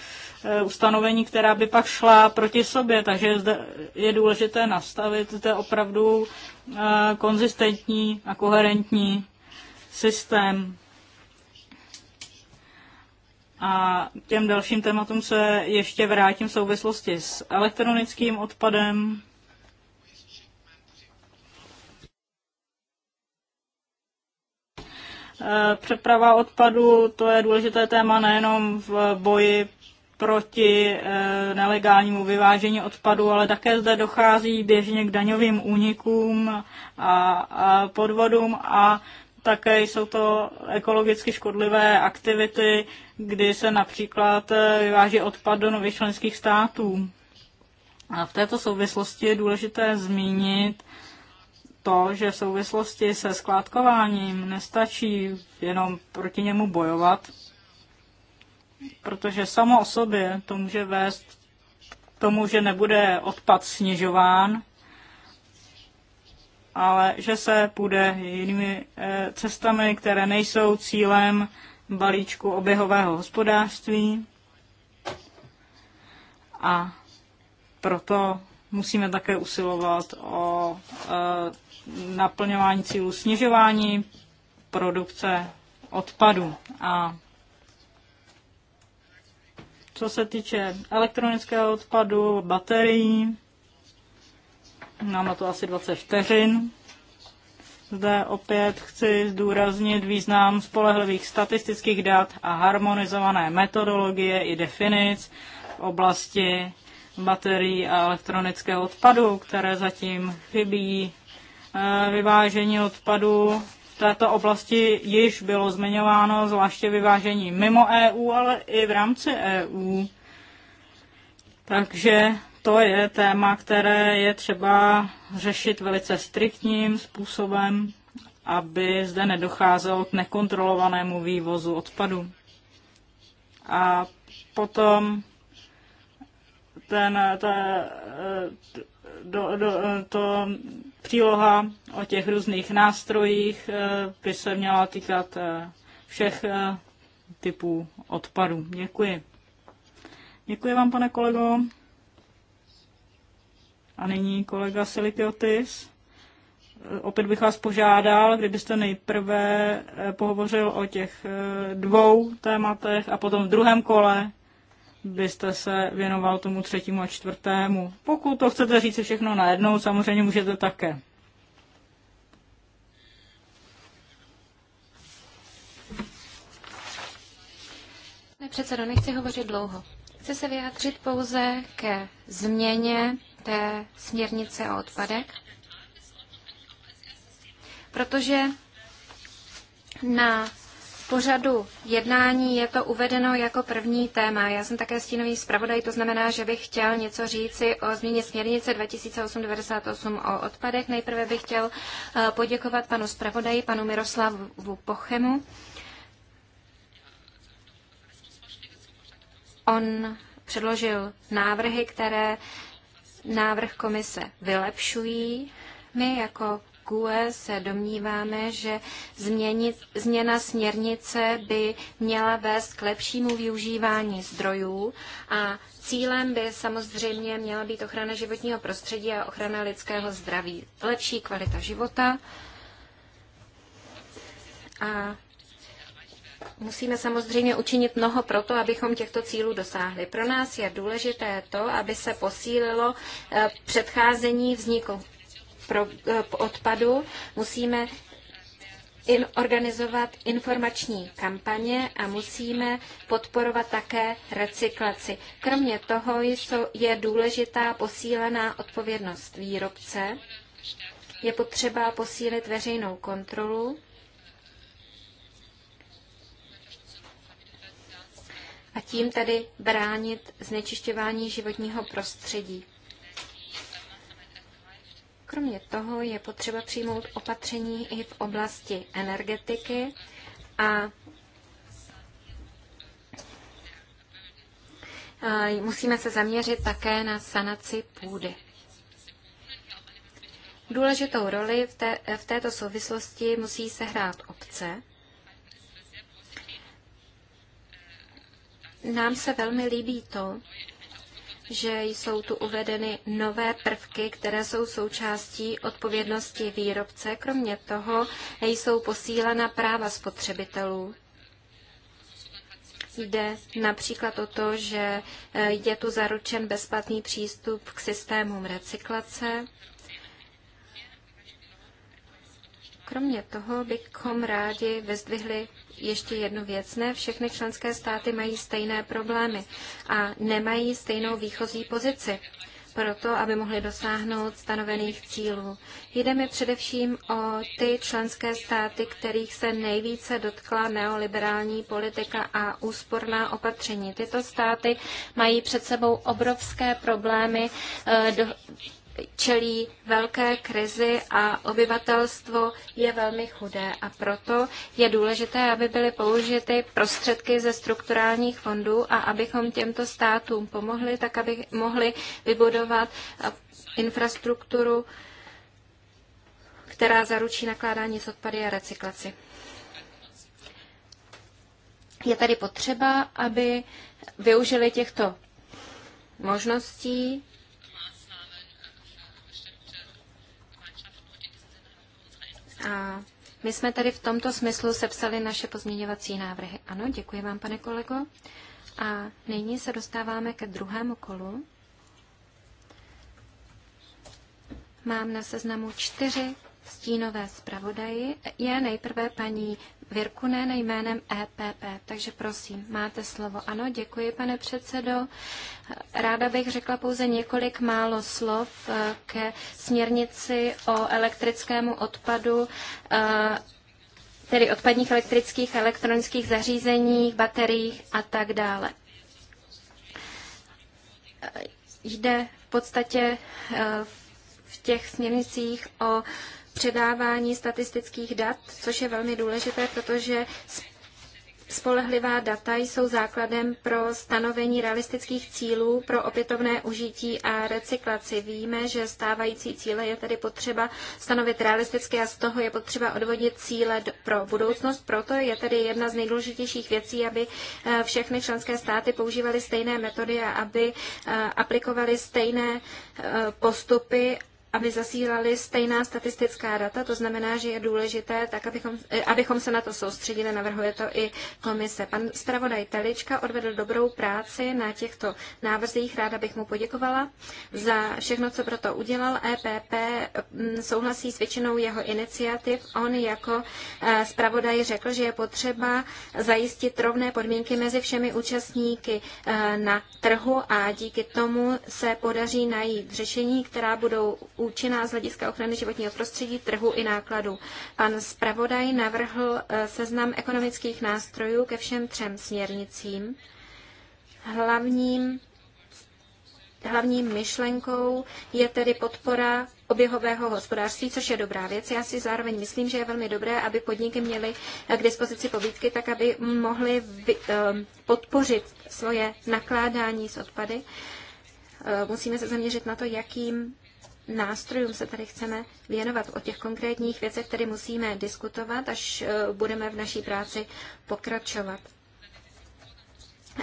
e, ustanovení, která by pak šla proti sobě, takže zde je důležité nastavit zde opravdu e, konzistentní a koherentní systém. A těm dalším tématům se ještě vrátím v souvislosti s elektronickým odpadem. Eh, přeprava odpadu, to je důležité téma nejenom v boji proti eh, nelegálnímu vyvážení odpadu, ale také zde dochází běžně k daňovým únikům a podvodům a také jsou to ekologicky škodlivé aktivity, kdy se například eh, vyváží odpad do nových členských států. A v této souvislosti je důležité zmínit to, že v souvislosti se skládkováním nestačí jenom proti němu bojovat, protože samo o sobě to může vést k tomu, že nebude odpad snižován, ale že se půjde jinými eh, cestami, které nejsou cílem balíčku oběhového hospodářství. A proto musíme také usilovat o eh, naplňování cílů snižování produkce odpadu. A co se týče elektronického odpadu, baterií, mám na to asi 20 vteřin. Zde opět chci zdůraznit význam spolehlivých statistických dat a harmonizované metodologie i definic v oblasti baterií a elektronického odpadu, které zatím chybí Eh, vyvážení odpadu. V této oblasti již bylo zmiňováno zvláště vyvážení mimo EU, ale i v rámci EU. Takže to je téma, které je třeba řešit velice striktním způsobem, aby zde nedocházelo k nekontrolovanému vývozu odpadu. A potom ten, ta, do, do, to příloha o těch různých nástrojích eh, by se měla týkat eh, všech eh, typů odpadů. Děkuji. Děkuji vám, pane kolego. A nyní kolega Silipiotis. Opět bych vás požádal, kdybyste nejprve pohovořil o těch dvou tématech a potom v druhém kole byste se věnoval tomu třetímu a čtvrtému. Pokud to chcete říct všechno najednou, samozřejmě můžete také. Ne předsedo, nechci hovořit dlouho. Chci se vyjádřit pouze ke změně té směrnice o odpadek, protože na pořadu jednání je to uvedeno jako první téma. Já jsem také stínový zpravodaj, to znamená, že bych chtěl něco říci o změně směrnice 2008-98 o odpadech. Nejprve bych chtěl eh, poděkovat panu zpravodaji, panu Miroslavu Pochemu. On předložil návrhy, které návrh komise vylepšují. My jako GUE se domníváme, že změnit, změna směrnice by měla vést k lepšímu využívání zdrojů a cílem by samozřejmě měla být ochrana životního prostředí a ochrana lidského zdraví. Lepší kvalita života a musíme samozřejmě učinit mnoho pro to, abychom těchto cílů dosáhli. Pro nás je důležité to, aby se posílilo eh, předcházení vzniku pro, eh, odpadu. Musíme in, organizovat informační kampaně a musíme podporovat také recyklaci. Kromě toho jsou, je důležitá posílená odpovědnost výrobce. Je potřeba posílit veřejnou kontrolu. a tím tedy bránit znečišťování životního prostředí. Kromě toho je potřeba přijmout opatření i v oblasti energetiky a musíme se zaměřit také na sanaci půdy. Důležitou roli v, té, v této souvislosti musí sehrát obce. Nám se velmi líbí to, že jsou tu uvedeny nové prvky, které jsou součástí odpovědnosti výrobce. Kromě toho jsou posílena práva spotřebitelů. Jde například o to, že je tu zaručen bezplatný přístup k systémům recyklace Kromě toho bychom rádi vyzdvihli ještě jednu věc. Ne všechny členské státy mají stejné problémy a nemají stejnou výchozí pozici proto, aby mohli dosáhnout stanovených cílů. Jde mi především o ty členské státy, kterých se nejvíce dotkla neoliberální politika a úsporná opatření. Tyto státy mají před sebou obrovské problémy eh, do čelí velké krizi a obyvatelstvo je velmi chudé a proto je důležité, aby byly použity prostředky ze strukturálních fondů a abychom těmto státům pomohli, tak aby mohli vybudovat eh, infrastrukturu, která zaručí nakládání s odpady a recyklaci. Je tady potřeba, aby využili těchto možností A my jsme tady v tomto smyslu sepsali naše pozměňovací návrhy. Ano, děkuji vám, pane kolego. A nyní se dostáváme ke druhému kolu. Mám na seznamu čtyři stínové zpravodaji je nejprve paní Virkunen jménem EPP. Takže prosím, máte slovo. Ano, děkuji, pane předsedo. Ráda bych řekla pouze několik málo slov eh, ke směrnici o elektrickému odpadu eh, tedy odpadních elektrických, elektronických zařízeních, bateriích a tak dále. Eh, jde v podstatě v těch směrnicích o předávání statistických dat, což je velmi důležité, protože Spolehlivá data jsou základem pro stanovení realistických cílů pro opětovné užití a recyklaci. Víme, že stávající cíle je tedy potřeba stanovit realistické, a z toho je potřeba odvodit cíle pro budoucnost. Proto je tedy jedna z nejdůležitějších věcí, aby eh, všechny členské státy používaly stejné metody a aby eh, aplikovaly stejné eh, postupy aby zasílali stejná statistická data, to znamená, že je důležité, tak abychom, eh, abychom se na to soustředili, navrhuje to i komise. Pan zpravodaj Telička odvedl dobrou práci na těchto návrzích, ráda bych mu poděkovala za všechno, co pro to udělal. EPP mm, souhlasí s většinou jeho iniciativ. On jako eh, zpravodaj řekl, že je potřeba zajistit rovné podmínky mezi všemi účastníky eh, na trhu a díky tomu se podaří najít řešení, která budou účinná z hlediska ochrany životního prostředí, trhu i nákladů. Pan zpravodaj navrhl eh, seznam ekonomických nástrojů ke všem třem směrnicím. Hlavním hlavním myšlenkou je tedy podpora oběhového hospodářství, což je dobrá věc. Já si zároveň myslím, že je velmi dobré, aby podniky měly eh, k dispozici pobídky, tak aby mohly eh, podpořit svoje nakládání s odpady. Musíme se zaměřit na to, jakým nástrojům se tady chceme věnovat. O těch konkrétních věcech které musíme diskutovat, až e, budeme v naší práci pokračovat.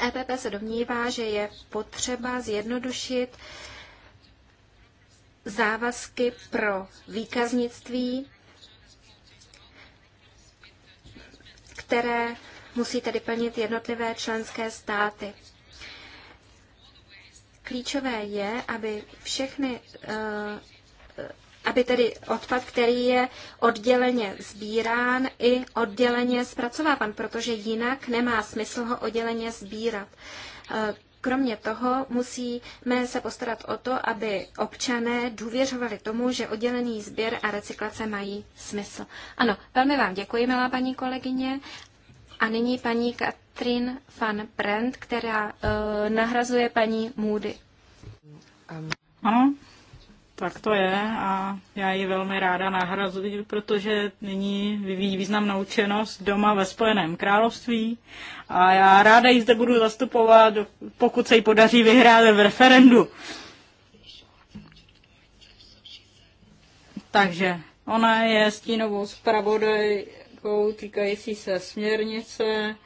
EPP se domnívá, že je potřeba zjednodušit závazky pro výkaznictví, které musí tedy plnit jednotlivé členské státy klíčové je, aby všechny eh, aby tedy odpad, který je odděleně sbírán i odděleně zpracováván, protože jinak nemá smysl ho odděleně sbírat. Eh, kromě toho musíme se postarat o to, aby občané důvěřovali tomu, že oddělený sběr a recyklace mají smysl. Ano, velmi vám děkuji, milá paní kolegyně, a nyní paní Katrin van Brent, která uh, nahrazuje paní Moody. Ano, tak to je a já ji velmi ráda nahrazuji, protože nyní vyvíjí významnou činnost doma ve Spojeném království a já ráda ji zde budu zastupovat, pokud se jí podaří vyhrát v referendu. Takže ona je stínovou zpravodaj výjimkou týkající se směrnice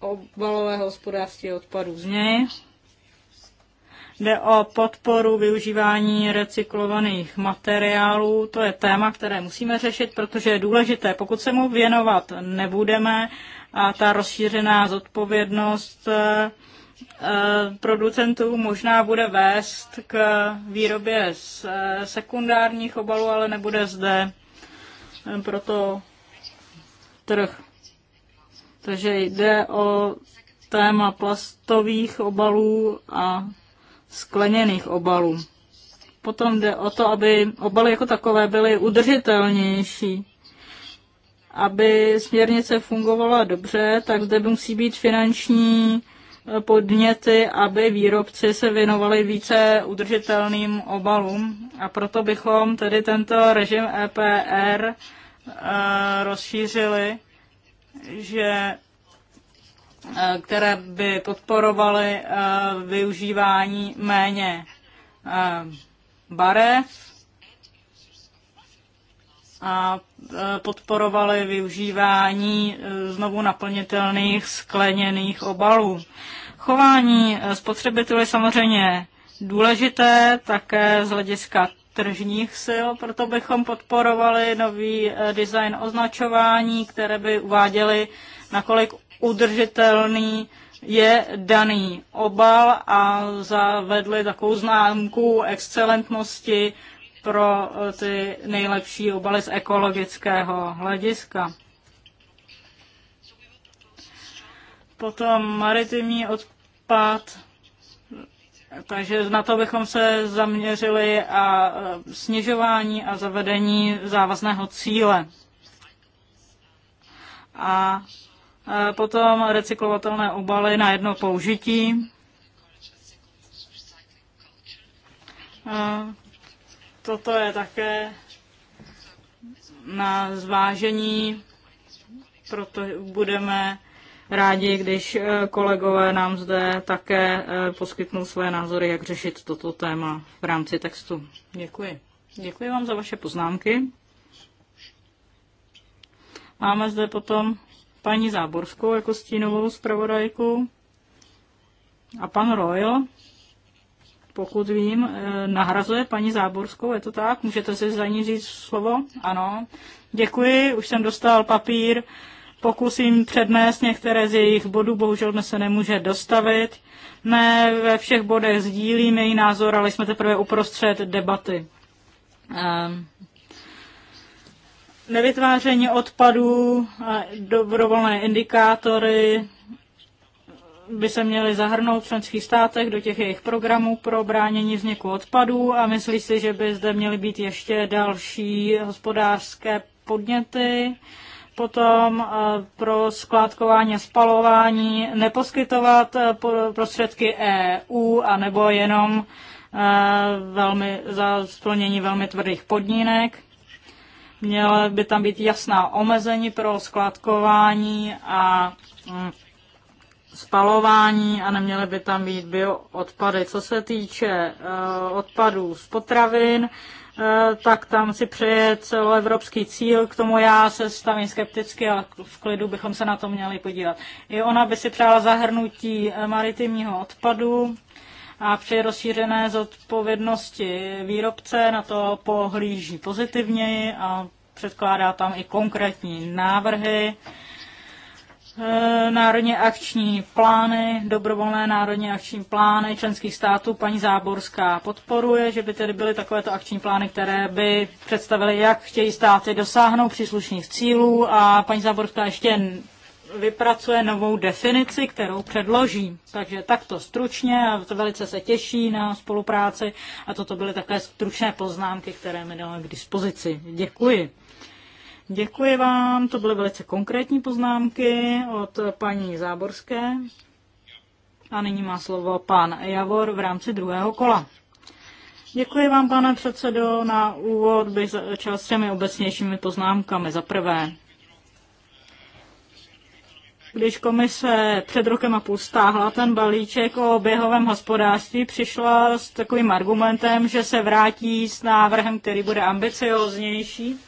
obalového hospodářství odpadů z něj. Jde o podporu využívání recyklovaných materiálů. To je téma, které musíme řešit, protože je důležité. Pokud se mu věnovat nebudeme a ta rozšířená zodpovědnost eh, eh, producentů možná bude vést k výrobě z eh, sekundárních obalů, ale nebude zde proto trh. Takže jde o téma plastových obalů a skleněných obalů. Potom jde o to, aby obaly jako takové byly udržitelnější. Aby směrnice fungovala dobře, tak zde musí být finanční eh, podněty, aby výrobci se věnovali více udržitelným obalům. A proto bychom tedy tento režim EPR Eh, rozšířily, že eh, které by podporovaly eh, využívání méně barev a podporovaly využívání znovu naplnitelných skleněných obalů. Chování spotřebitelů je samozřejmě důležité také z hlediska tržních sil, proto bychom podporovali nový eh, design označování, které by uváděly, nakolik udržitelný je daný obal a zavedli takovou známku excelentnosti pro eh, ty nejlepší obaly z ekologického hlediska. Potom maritimní odpad takže na to bychom se zaměřili a e, snižování a zavedení závazného cíle. A e, potom recyklovatelné obaly na jedno použití. Toto je také na zvážení, proto budeme rádi, když eh, kolegové nám zde také eh, poskytnou své názory, jak řešit toto téma v rámci textu. Děkuji. Děkuji vám za vaše poznámky. Máme zde potom paní Záborskou jako stínovou zpravodajku a pan Royal, pokud vím, eh, nahrazuje paní Záborskou, je to tak? Můžete si za ní říct slovo? Ano. Děkuji, už jsem dostal papír pokusím přednést některé z jejich bodů, bohužel dnes se nemůže dostavit. Ne ve všech bodech sdílím její názor, ale jsme teprve uprostřed debaty. Ehm, nevytváření odpadů, dobrovolné indikátory by se měly zahrnout v členských státech do těch jejich programů pro bránění vzniku odpadů a myslí si, že by zde měly být ještě další hospodářské podněty potom eh, pro skládkování a spalování neposkytovat eh, prostředky EU a nebo jenom eh, velmi, za splnění velmi tvrdých podmínek. Měla by tam být jasná omezení pro skládkování a mm, spalování a neměly by tam být bioodpady. Co se týče odpadů z potravin, Eh, tak tam si přeje celoevropský cíl, k tomu já se stavím skepticky a v klidu bychom se na to měli podívat. I ona by si přála zahrnutí eh, maritimního odpadu a při rozšířené zodpovědnosti výrobce na to pohlíží pozitivněji a předkládá tam i konkrétní návrhy, Eh, národně akční plány, dobrovolné národně akční plány členských států paní Záborská podporuje, že by tedy byly takovéto akční plány, které by představily, jak chtějí státy dosáhnout příslušných cílů a paní Záborská ještě vypracuje novou definici, kterou předloží. Takže takto stručně a velice se těší na spolupráci a toto byly takové stručné poznámky, které mi dala k dispozici. Děkuji. Děkuji vám, to byly velice konkrétní poznámky od paní Záborské. A nyní má slovo pan Javor v rámci druhého kola. Děkuji vám, pane předsedo. Na úvod bych začal s těmi obecnějšími poznámkami. Za prvé, když komise před rokem a půl stáhla ten balíček o oběhovém hospodářství, přišla s takovým argumentem, že se vrátí s návrhem, který bude ambicioznější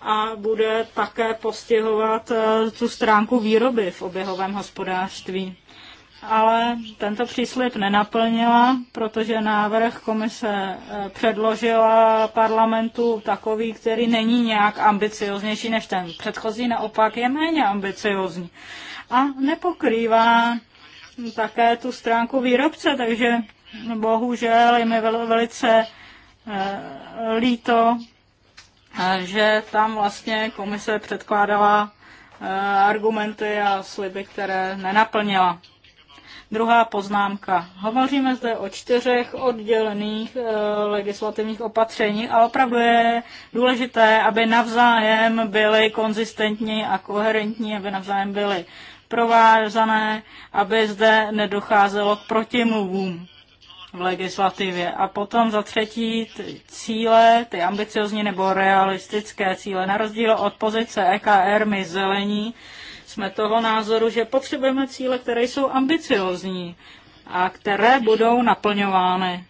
a bude také postihovat eh, tu stránku výroby v oběhovém hospodářství. Ale tento příslip nenaplnila, protože návrh komise eh, předložila parlamentu takový, který není nějak ambicioznější než ten předchozí, naopak je méně ambiciozní a nepokrývá také tu stránku výrobce, takže bohužel je mi velice eh, líto, že tam vlastně komise předkládala eh, argumenty a sliby, které nenaplnila. Druhá poznámka. Hovoříme zde o čtyřech oddělených eh, legislativních opatřeních, a opravdu je důležité, aby navzájem byly konzistentní a koherentní, aby navzájem byly provázané, aby zde nedocházelo k protimluvům v legislativě. A potom za třetí cíle, ty ambiciozní nebo realistické cíle. Na rozdíl od pozice EKR my zelení jsme toho názoru, že potřebujeme cíle, které jsou ambiciozní a které budou naplňovány.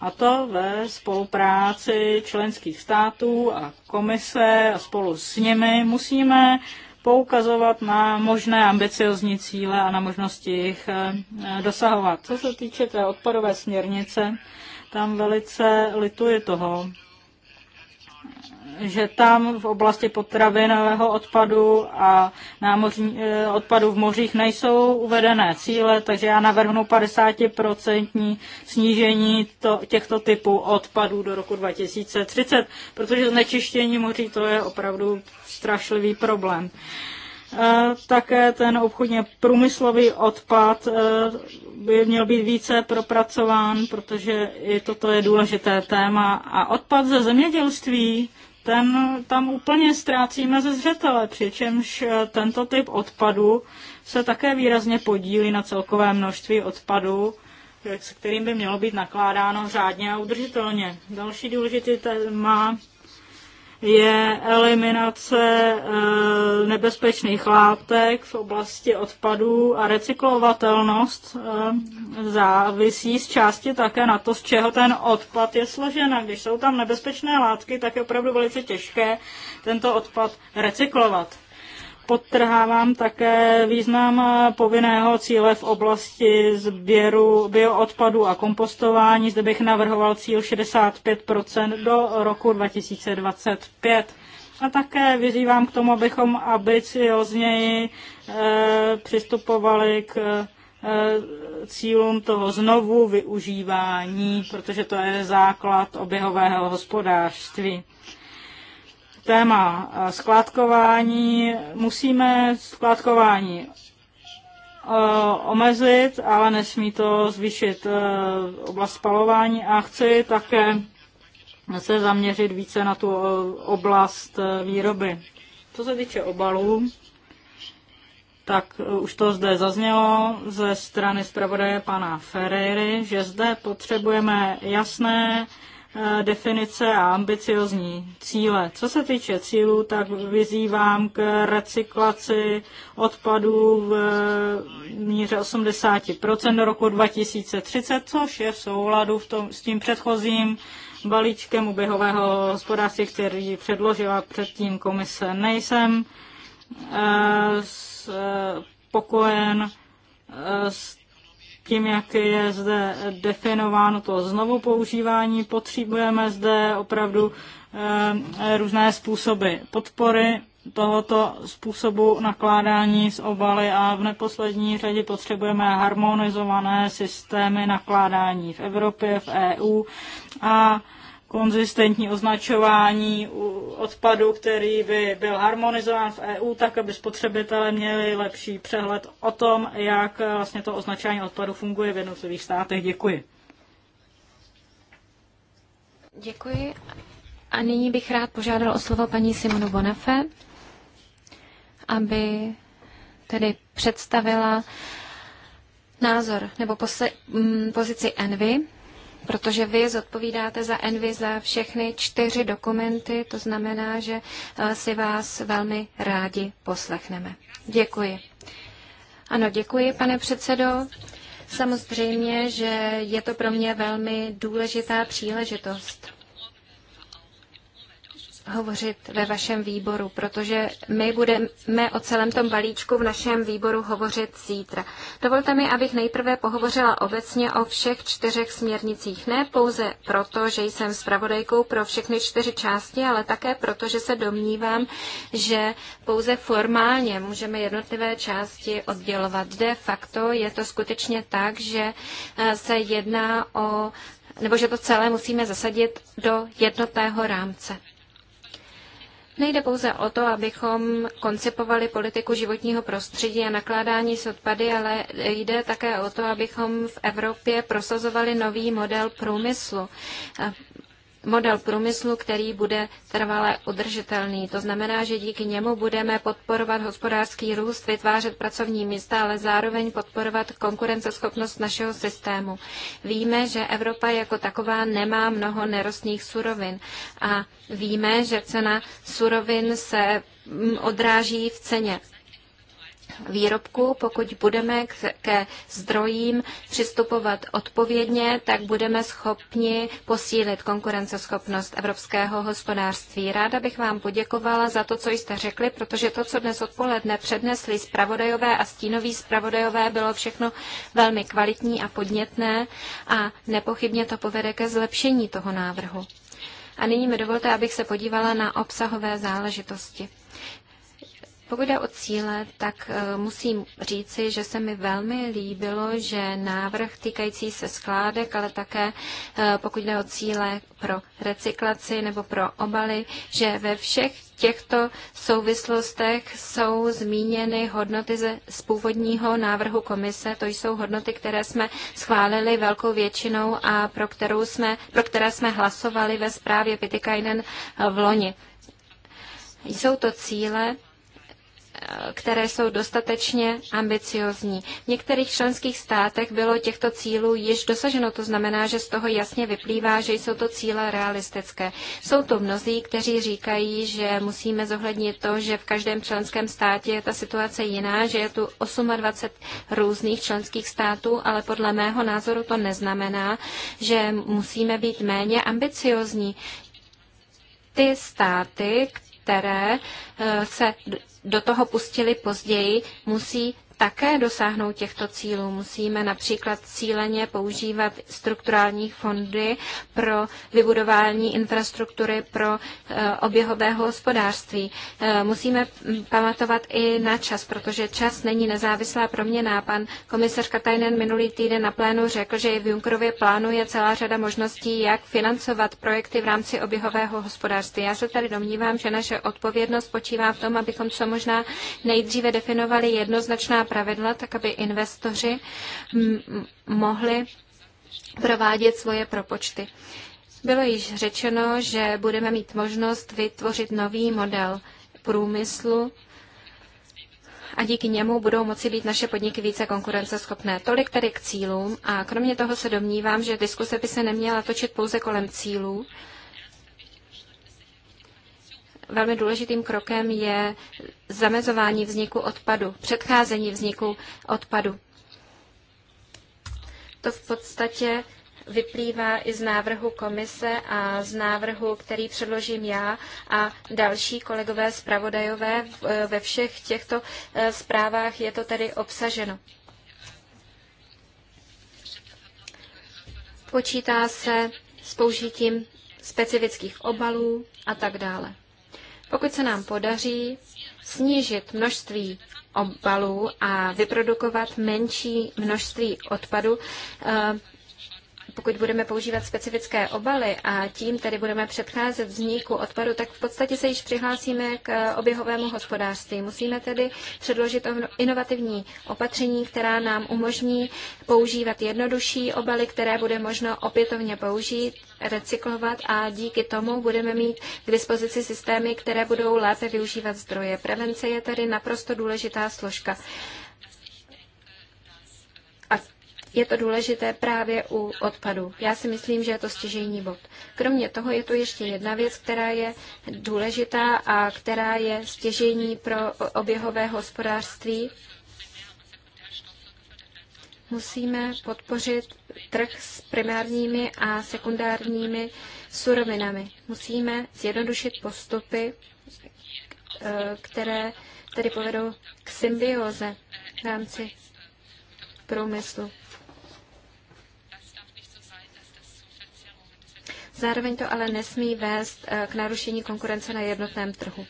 A to ve spolupráci členských států a komise a spolu s nimi musíme poukazovat na možné ambiciozní cíle a na možnosti jich eh, eh, dosahovat. Co se týče té odpadové směrnice, tam velice lituji toho, že tam v oblasti potravinového odpadu a námořní, eh, odpadu v mořích nejsou uvedené cíle, takže já navrhnu 50% snížení to, těchto typů odpadů do roku 2030, protože znečištění moří to je opravdu strašlivý problém. E, také ten obchodně průmyslový odpad e, by měl být více propracován, protože i toto je důležité téma. A odpad ze zemědělství, ten tam úplně ztrácíme ze zřetele, přičemž e, tento typ odpadu se také výrazně podílí na celkové množství odpadu, s kterým by mělo být nakládáno řádně a udržitelně. Další důležitý téma je eliminace eh, nebezpečných látek v oblasti odpadů a recyklovatelnost eh, závisí z části také na to, z čeho ten odpad je složen. A když jsou tam nebezpečné látky, tak je opravdu velice těžké tento odpad recyklovat podtrhávám také význam povinného cíle v oblasti sběru bioodpadu a kompostování. Zde bych navrhoval cíl 65 do roku 2025. A také vyzývám k tomu, abychom ambiciozněji eh, přistupovali k eh, cílům toho znovu využívání, protože to je základ oběhového hospodářství téma eh, skládkování. Musíme skládkování eh, omezit, ale nesmí to zvýšit eh, oblast spalování a chci také se zaměřit více na tu oblast výroby. Co se týče obalů, tak už to zde zaznělo ze strany zpravodaje pana Ferrery, že zde potřebujeme jasné Eh, definice a ambiciozní cíle. Co se týče cílů, tak vyzývám k recyklaci odpadů v míře 80% do roku 2030, což je v souladu v tom, s tím předchozím balíčkem uběhového hospodářství, který předložila předtím komise. Nejsem eh, eh, spokojen s tím, jak je zde definováno to znovu používání, potřebujeme zde opravdu eh, různé způsoby podpory tohoto způsobu nakládání s obaly a v neposlední řadě potřebujeme harmonizované systémy nakládání v Evropě, v EU a konzistentní označování odpadu, který by byl harmonizován v EU, tak aby spotřebitelé měli lepší přehled o tom, jak vlastně to označování odpadu funguje v jednotlivých státech. Děkuji. Děkuji. A nyní bych rád požádal o slovo paní Simonu Bonafé, aby tedy představila názor nebo mm, pozici Envy protože vy zodpovídáte za Envy za všechny čtyři dokumenty, to znamená, že eh, si vás velmi rádi poslechneme. Děkuji. Ano, děkuji, pane předsedo. Samozřejmě, že je to pro mě velmi důležitá příležitost hovořit ve vašem výboru, protože my budeme o celém tom balíčku v našem výboru hovořit zítra. Dovolte mi, abych nejprve pohovořila obecně o všech čtyřech směrnicích. Ne pouze proto, že jsem zpravodajkou pro všechny čtyři části, ale také proto, že se domnívám, že pouze formálně můžeme jednotlivé části oddělovat. De facto je to skutečně tak, že eh, se jedná o nebo že to celé musíme zasadit do jednotného rámce. Nejde pouze o to, abychom koncipovali politiku životního prostředí a nakládání s odpady, ale jde také o to, abychom v Evropě prosazovali nový model průmyslu model průmyslu, který bude trvale udržitelný. To znamená, že díky němu budeme podporovat hospodářský růst, vytvářet pracovní místa, ale zároveň podporovat konkurenceschopnost našeho systému. Víme, že Evropa jako taková nemá mnoho nerostných surovin a víme, že cena surovin se mm, odráží v ceně výrobků. Pokud budeme ke zdrojím přistupovat odpovědně, tak budeme schopni posílit konkurenceschopnost evropského hospodářství. Ráda bych vám poděkovala za to, co jste řekli, protože to, co dnes odpoledne přednesli zpravodajové a stínoví zpravodajové, bylo všechno velmi kvalitní a podnětné a nepochybně to povede ke zlepšení toho návrhu. A nyní mi dovolte, abych se podívala na obsahové záležitosti. Pokud jde o cíle, tak eh, musím říci, že se mi velmi líbilo, že návrh týkající se skládek, ale také eh, pokud jde o cíle pro recyklaci nebo pro obaly, že ve všech těchto souvislostech jsou zmíněny hodnoty ze, z původního návrhu komise. To jsou hodnoty, které jsme schválili velkou většinou a pro, kterou jsme, pro které jsme hlasovali ve zprávě Pitikainen eh, v loni. Jsou to cíle, které jsou dostatečně ambiciozní. V některých členských státech bylo těchto cílů již dosaženo, to znamená, že z toho jasně vyplývá, že jsou to cíle realistické. Jsou to mnozí, kteří říkají, že musíme zohlednit to, že v každém členském státě je ta situace jiná, že je tu 28 různých členských států, ale podle mého názoru to neznamená, že musíme být méně ambiciozní. Ty státy, které se eh, do toho pustili později, musí také dosáhnout těchto cílů. Musíme například cíleně používat strukturální fondy pro vybudování infrastruktury pro eh, oběhového hospodářství. Eh, musíme pamatovat i na čas, protože čas není nezávislá proměna. Pan komisař Katajnen minulý týden na plénu řekl, že i v Junkerově plánu je celá řada možností, jak financovat projekty v rámci oběhového hospodářství. Já se tady domnívám, že naše odpovědnost spočívá v tom, abychom co možná nejdříve definovali jednoznačná pravidla, tak aby investoři mohli provádět svoje propočty. Bylo již řečeno, že budeme mít možnost vytvořit nový model průmyslu a díky němu budou moci být naše podniky více konkurenceschopné. Tolik tedy k cílům a kromě toho se domnívám, že diskuse by se neměla točit pouze kolem cílů, velmi důležitým krokem je zamezování vzniku odpadu, předcházení vzniku odpadu. To v podstatě vyplývá i z návrhu komise a z návrhu, který předložím já a další kolegové zpravodajové. Ve všech těchto eh, zprávách je to tedy obsaženo. Počítá se s použitím specifických obalů a tak dále. Pokud se nám podaří snížit množství obalů a vyprodukovat menší množství odpadu, eh, pokud budeme používat specifické obaly a tím tedy budeme předcházet vzniku odpadu, tak v podstatě se již přihlásíme k eh, oběhovému hospodářství. Musíme tedy předložit inovativní opatření, která nám umožní používat jednodušší obaly, které bude možno opětovně použít, recyklovat a díky tomu budeme mít k dispozici systémy, které budou lépe využívat zdroje. Prevence je tedy naprosto důležitá složka je to důležité právě u odpadu. Já si myslím, že je to stěžejní bod. Kromě toho je tu ještě jedna věc, která je důležitá a která je stěžejní pro oběhové hospodářství. Musíme podpořit trh s primárními a sekundárními surovinami. Musíme zjednodušit postupy, eh, které tedy povedou k symbioze v rámci průmyslu. Zároveň to ale nesmí vést eh, k narušení konkurence na jednotném trhu.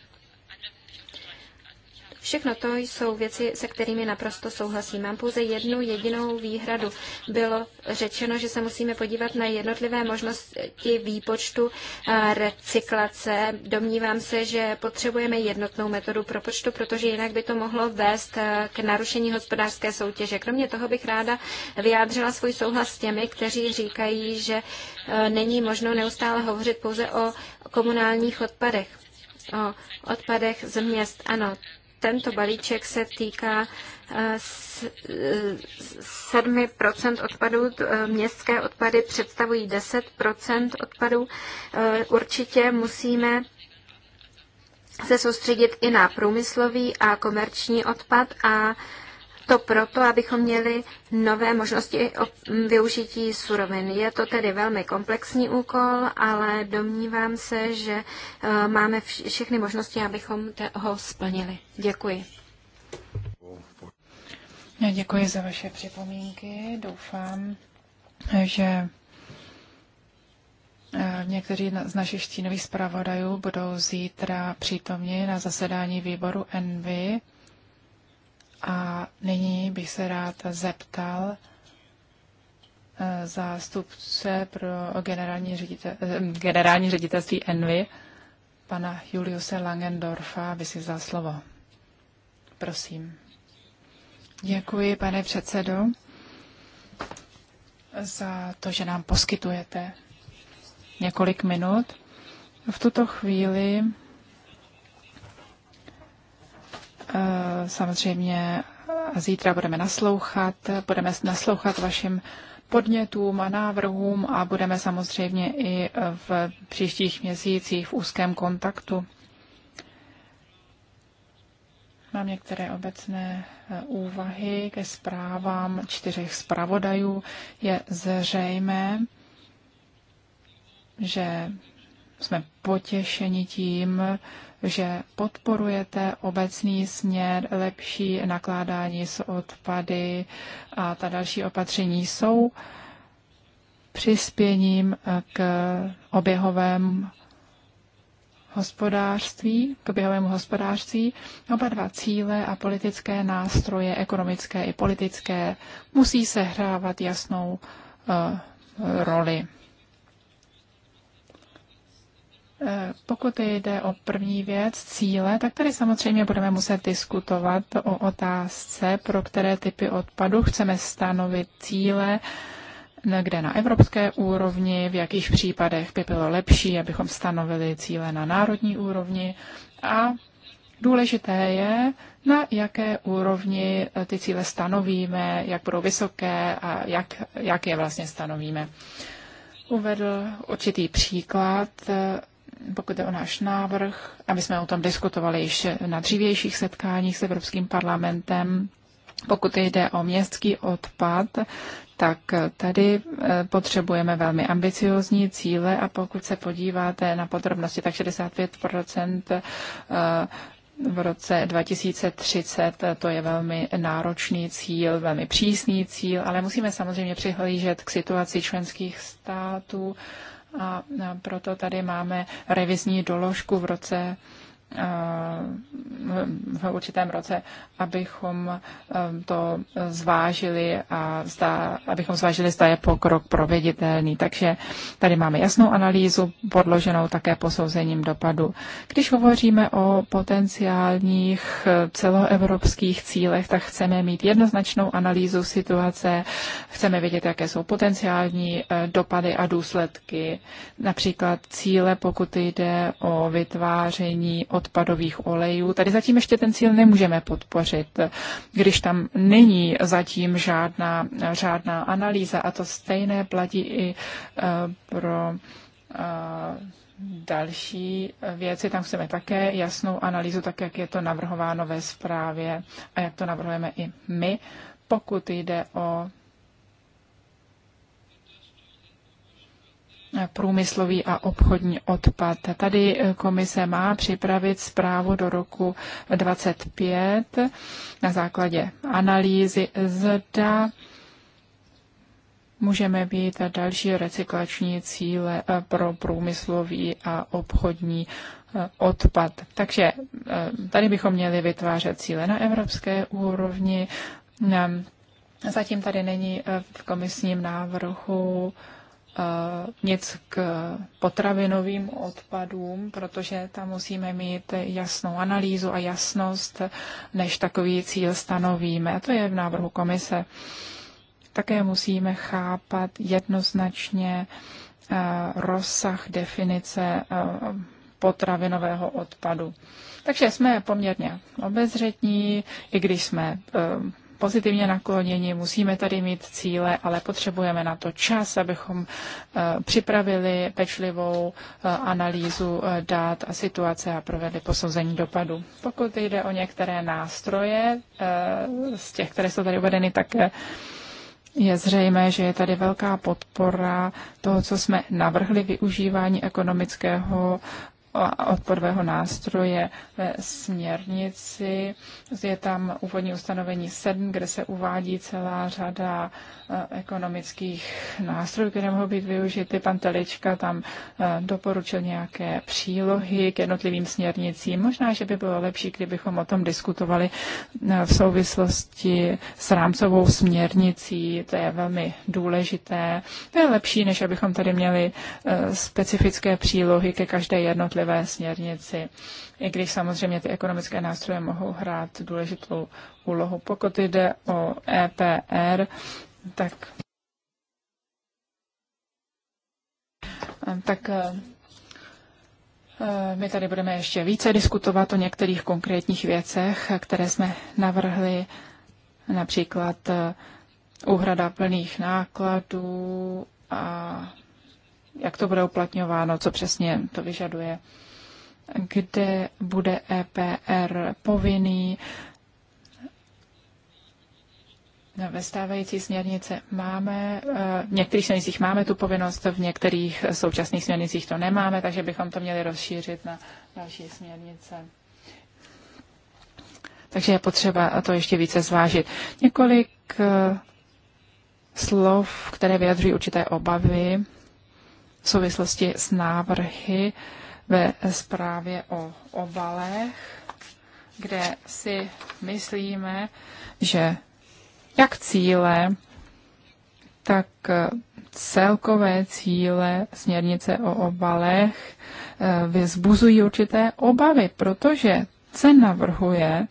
Všechno to jsou věci, se kterými naprosto souhlasím. Mám pouze jednu jedinou výhradu. Bylo řečeno, že se musíme podívat na jednotlivé možnosti výpočtu eh, recyklace. Domnívám se, že potřebujeme jednotnou metodu propočtu, protože jinak by to mohlo vést eh, k narušení hospodářské soutěže. Kromě toho bych ráda vyjádřila svůj souhlas s těmi, kteří říkají, že eh, není možno neustále hovořit pouze o komunálních odpadech o odpadech z měst. Ano, tento balíček se týká 7 eh, eh, odpadů. Eh, městské odpady představují 10 odpadů. Určitě musíme se soustředit i na průmyslový a komerční odpad a to proto, abychom měli nové možnosti využití surovin. Je to tedy velmi komplexní úkol, ale domnívám se, že eh, máme všechny možnosti, abychom ho splnili. Děkuji. Děkuji za vaše připomínky. Doufám, že eh, Někteří z našich štínových zpravodajů budou zítra přítomni na zasedání výboru ENVY a nyní bych se rád zeptal eh, zástupce pro generální, ředitel, eh, generální ředitelství Envy, pana Juliuse Langendorfa, aby si vzal slovo. Prosím. Děkuji, pane předsedo, za to, že nám poskytujete několik minut. V tuto chvíli Eh, samozřejmě zítra budeme naslouchat, budeme naslouchat vašim podnětům a návrhům a budeme samozřejmě i v příštích měsících v úzkém kontaktu. Mám některé obecné eh, úvahy ke zprávám čtyřech zpravodajů. Je zřejmé, že jsme potěšeni tím, že podporujete obecný směr lepší nakládání s odpady a ta další opatření jsou přispěním k oběhovému hospodářství, k oběhovému hospodářství. Oba dva cíle a politické nástroje, ekonomické i politické, musí sehrávat jasnou uh, roli. Pokud jde o první věc, cíle, tak tady samozřejmě budeme muset diskutovat o otázce, pro které typy odpadu chceme stanovit cíle, kde na evropské úrovni, v jakých případech by bylo lepší, abychom stanovili cíle na národní úrovni a Důležité je, na jaké úrovni ty cíle stanovíme, jak budou vysoké a jak, jak je vlastně stanovíme. Uvedl určitý příklad pokud je o náš návrh, a my jsme o tom diskutovali již na dřívějších setkáních s Evropským parlamentem, pokud jde o městský odpad, tak tady e, potřebujeme velmi ambiciozní cíle a pokud se podíváte na podrobnosti, tak 65 e, v roce 2030 e, to je velmi náročný cíl, velmi přísný cíl, ale musíme samozřejmě přihlížet k situaci členských států a proto tady máme revizní doložku v roce Eh, v určitém roce, abychom eh, to zvážili a zda, abychom zvážili, zda je pokrok proveditelný. Takže tady máme jasnou analýzu, podloženou také posouzením dopadu. Když hovoříme o potenciálních eh, celoevropských cílech, tak chceme mít jednoznačnou analýzu situace, chceme vědět, jaké jsou potenciální dopady a důsledky, například cíle, pokud jde o vytváření odpadových olejů. Tady zatím ještě ten cíl nemůžeme podpořit, když tam není zatím žádná, žádná analýza a to stejné platí i eh, pro eh, další věci. Tam chceme také jasnou analýzu, tak jak je to navrhováno ve zprávě a jak to navrhujeme i my, pokud jde o průmyslový a obchodní odpad. Tady e, komise má připravit zprávu do roku 25 na základě analýzy zda můžeme být další recyklační cíle e, pro průmyslový a obchodní e, odpad. Takže tady bychom měli vytvářet cíle na evropské úrovni. Zatím tady není v komisním návrhu nic k potravinovým odpadům, protože tam musíme mít jasnou analýzu a jasnost, než takový cíl stanovíme. A to je v návrhu komise. Také musíme chápat jednoznačně rozsah definice potravinového odpadu. Takže jsme poměrně obezřetní, i když jsme pozitivně nakloněni, musíme tady mít cíle, ale potřebujeme na to čas, abychom eh, připravili pečlivou eh, analýzu eh, dát a situace a provedli posouzení dopadu. Pokud jde o některé nástroje, z těch, které jsou tady uvedeny, tak je zřejmé, že je tady velká podpora toho, co jsme navrhli, využívání ekonomického odporového nástroje ve směrnici. Je tam úvodní ustanovení 7, kde se uvádí celá řada eh, ekonomických nástrojů, které mohou být využity. Pan Telička tam eh, doporučil nějaké přílohy k jednotlivým směrnicím. Možná, že by bylo lepší, kdybychom o tom diskutovali eh, v souvislosti s rámcovou směrnicí. To je velmi důležité. To je lepší, než abychom tady měli specifické přílohy ke každé jednotlivé jednotlivé směrnici, i když samozřejmě ty ekonomické nástroje mohou hrát důležitou úlohu. Pokud jde o EPR, tak tak eh, eh, my tady budeme ještě více diskutovat o některých konkrétních věcech, které jsme navrhli, například eh, úhrada plných nákladů a jak to bude uplatňováno, co přesně to vyžaduje, kde bude EPR povinný. No, ve stávající směrnice máme, eh, v některých směrnicích máme tu povinnost, v některých současných směrnicích to nemáme, takže bychom to měli rozšířit na další směrnice. Takže je potřeba to ještě více zvážit. Několik eh, slov, které vyjadřují určité obavy v souvislosti s návrhy ve zprávě o obalech, kde si myslíme, že jak cíle, tak celkové cíle směrnice o obalech eh, vyzbuzují určité obavy, protože se navrhuje,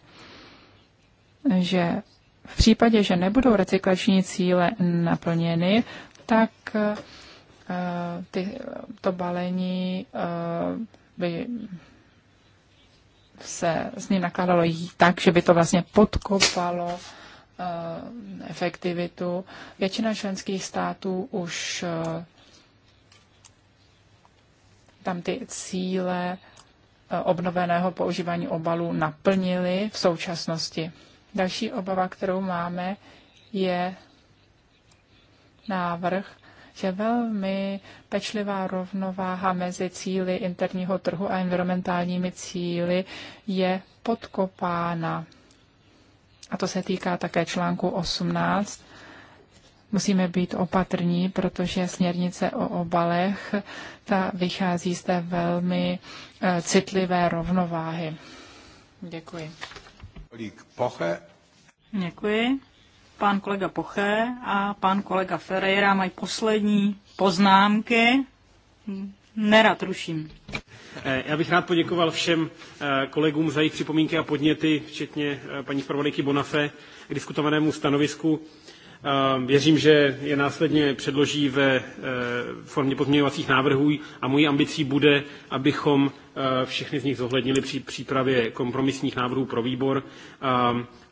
že v případě, že nebudou recyklační cíle naplněny, tak eh, Eh, ty, to balení eh, by se s ním nakládalo tak, že by to vlastně podkopalo eh, efektivitu. Většina členských států už tam ty cíle obnoveného používání obalů naplnili v současnosti. Další obava, kterou máme, je návrh je velmi pečlivá rovnováha mezi cíly interního trhu a environmentálními cíly je podkopána. A to se týká také článku 18. Musíme být opatrní, protože směrnice o obalech ta vychází z té velmi eh, citlivé rovnováhy. Děkuji. Děkuji pan kolega Poché a pan kolega Ferreira mají poslední poznámky. Nerad ruším. Eh, já bych rád poděkoval všem eh, kolegům za jejich připomínky a podněty, včetně eh, paní zpravodajky Bonafé k diskutovanému stanovisku. Věřím, že je následně předloží ve e, formě pozměňovacích návrhů a mojí ambicí bude, abychom e, všechny z nich zohlednili při přípravě kompromisních návrhů pro výbor,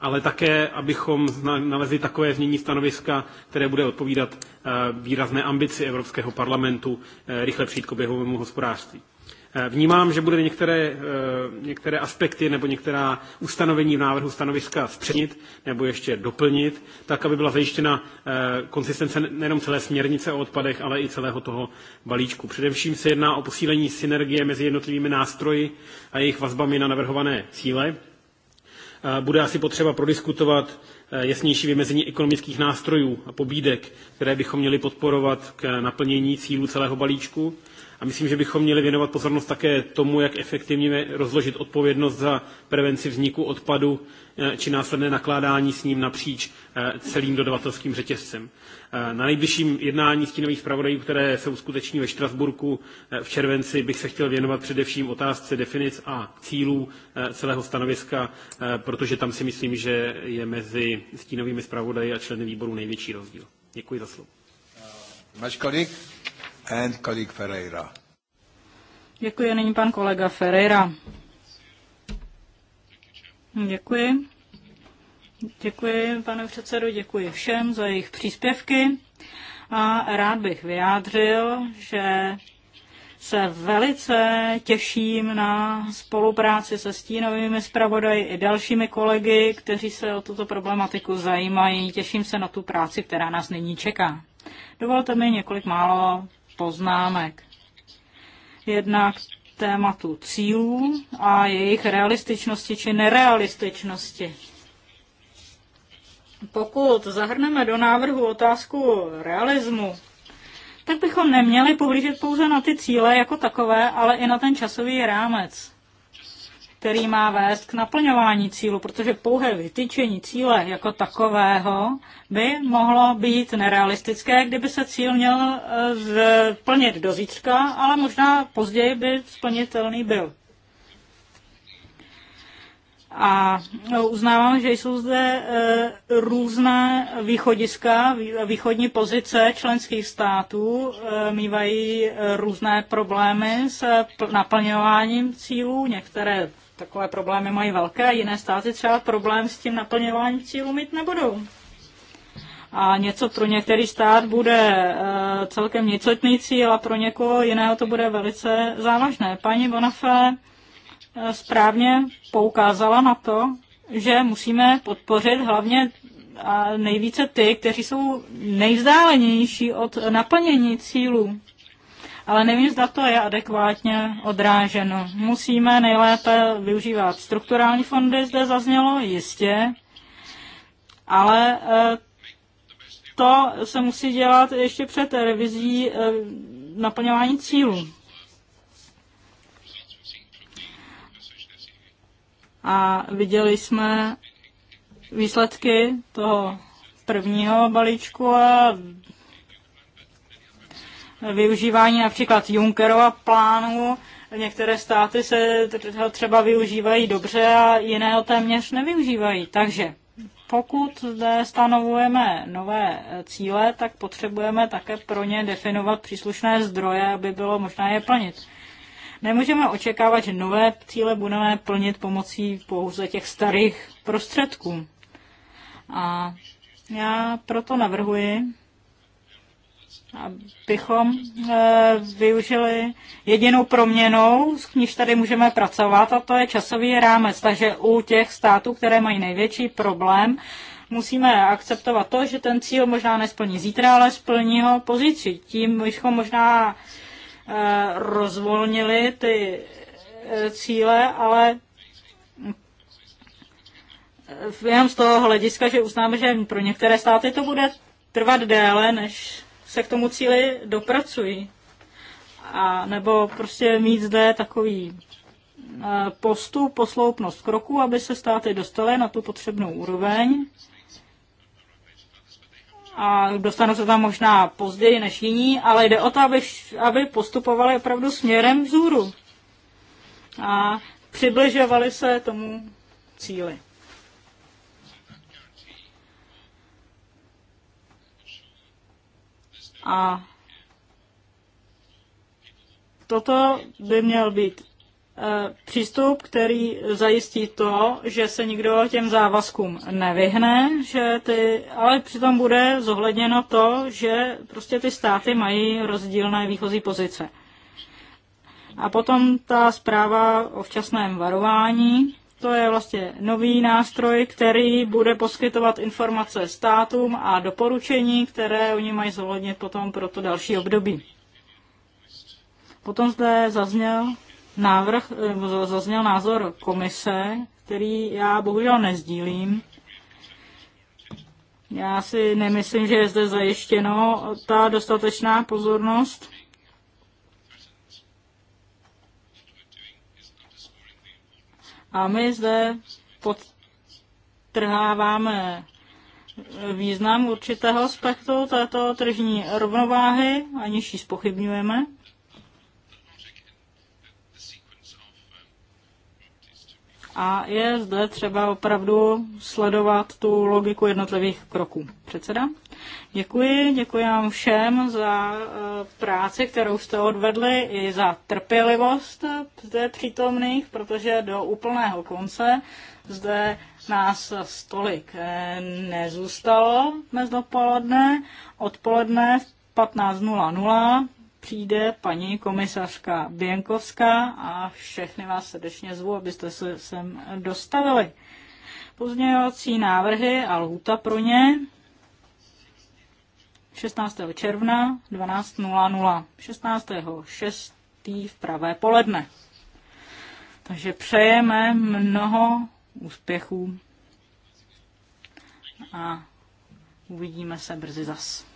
ale také, abychom nalezli takové změní stanoviska, které bude odpovídat e, výrazné ambici Evropského parlamentu rychle přijít k oběhovému hospodářství. Eh, vnímám, že budete některé, eh, některé aspekty nebo některá ustanovení v návrhu stanoviska zpřenit nebo ještě doplnit, tak, aby byla zajištěna eh, konsistence nejenom celé směrnice o odpadech, ale i celého toho balíčku. Především se jedná o posílení synergie mezi jednotlivými nástroji a jejich vazbami na navrhované cíle. Bude asi potřeba prodiskutovat jasnější vymezení ekonomických nástrojů a pobídek, které bychom měli podporovat k naplnění cílů celého balíčku a myslím, že bychom měli věnovat pozornost také tomu, jak efektivně rozložit odpovědnost za prevenci vzniku odpadu eh, či následné nakládání s ním napříč eh, celým dodavatelským řetězcem. Eh, na nejbližším jednání stínových zpravodajů, které se uskuteční ve Štrasburku v červenci, bych se chtěl věnovat především otázce definic a cílů celého stanoviska, protože tam si myslím, že je mezi stínovými zpravodaji a členy výboru největší rozdíl. Děkuji za slovo. Máš kolik? and colleague Ferreira. Děkuji, nyní pan kolega Ferreira. Děkuji. Děkuji, pane předsedo, děkuji všem za jejich příspěvky a rád bych vyjádřil, že se velice těším na spolupráci se stínovými zpravodaji i dalšími kolegy, kteří se o tuto problematiku zajímají. Těším se na tu práci, která nás nyní čeká. Dovolte mi několik málo poznámek. Jednak tématu cílů a jejich realističnosti či nerealističnosti. Pokud zahrneme do návrhu otázku realismu, tak bychom neměli pohlížet pouze na ty cíle jako takové, ale i na ten časový rámec který má vést k naplňování cílu, protože pouhé vytyčení cíle jako takového by mohlo být nerealistické, kdyby se cíl měl eh, splnit do zítřka, ale možná později by splnitelný byl. A uznávám, že jsou zde eh, různé východiska, východní pozice členských států eh, mývají různé problémy s naplňováním cílů, některé takové problémy mají velké, jiné státy třeba problém s tím naplňováním cílů mít nebudou. A něco pro některý stát bude eh, celkem nicotný cíl a pro někoho jiného to bude velice závažné. Paní Bonafé eh, správně poukázala na to, že musíme podpořit hlavně uh, nejvíce ty, kteří jsou nejvzdálenější od naplnění cílů ale nevím, zda to je adekvátně odráženo. Musíme nejlépe využívat strukturální fondy, zde zaznělo, jistě, ale eh, to se musí dělat ještě před revizí eh, naplňování cílů. A viděli jsme výsledky toho prvního balíčku a využívání například Junckerova plánu. Některé státy se třeba využívají dobře a jiné ho téměř nevyužívají. Takže pokud zde stanovujeme nové cíle, tak potřebujeme také pro ně definovat příslušné zdroje, aby bylo možné je plnit. Nemůžeme očekávat, že nové cíle budeme plnit pomocí pouze těch starých prostředků. A já proto navrhuji, abychom eh, využili jedinou proměnou, s níž tady můžeme pracovat, a to je časový rámec. Takže u těch států, které mají největší problém, musíme akceptovat to, že ten cíl možná nesplní zítra, ale splní ho pozítří. Tím bychom možná eh, rozvolnili ty eh, cíle, ale jenom z toho hlediska, že uznáme, že pro některé státy to bude trvat déle, než se k tomu cíli dopracují. A nebo prostě mít zde takový e, postup, posloupnost kroku, aby se státy dostaly na tu potřebnou úroveň. A dostanou se tam možná později než jiní, ale jde o to, aby, aby postupovali opravdu směrem vzhůru. A přibližovali se tomu cíli. A toto by měl být eh, přístup, který zajistí to, že se nikdo těm závazkům nevyhne, že ty, ale přitom bude zohledněno to, že prostě ty státy mají rozdílné výchozí pozice. A potom ta zpráva o včasném varování. To je vlastně nový nástroj, který bude poskytovat informace státům a doporučení, které oni mají zohlednit potom pro to další období. Potom zde zazněl návrh, zazněl názor komise, který já bohužel nezdílím. Já si nemyslím, že je zde zajištěno ta dostatečná pozornost A my zde podtrháváme význam určitého aspektu této tržní rovnováhy, aniž ji spochybňujeme. a je zde třeba opravdu sledovat tu logiku jednotlivých kroků. Předseda? Děkuji, děkuji vám všem za eh, práci, kterou jste odvedli i za trpělivost zde přítomných, protože do úplného konce zde nás stolik eh, nezůstalo mezi dopoledne. Odpoledne 15.00 přijde paní komisařka Běnkovská a všechny vás srdečně zvu, abyste se sem dostavili. Pozměňovací návrhy a lhůta pro ně 16. června 12.00, 16. 6. v pravé poledne. Takže přejeme mnoho úspěchů a uvidíme se brzy zas.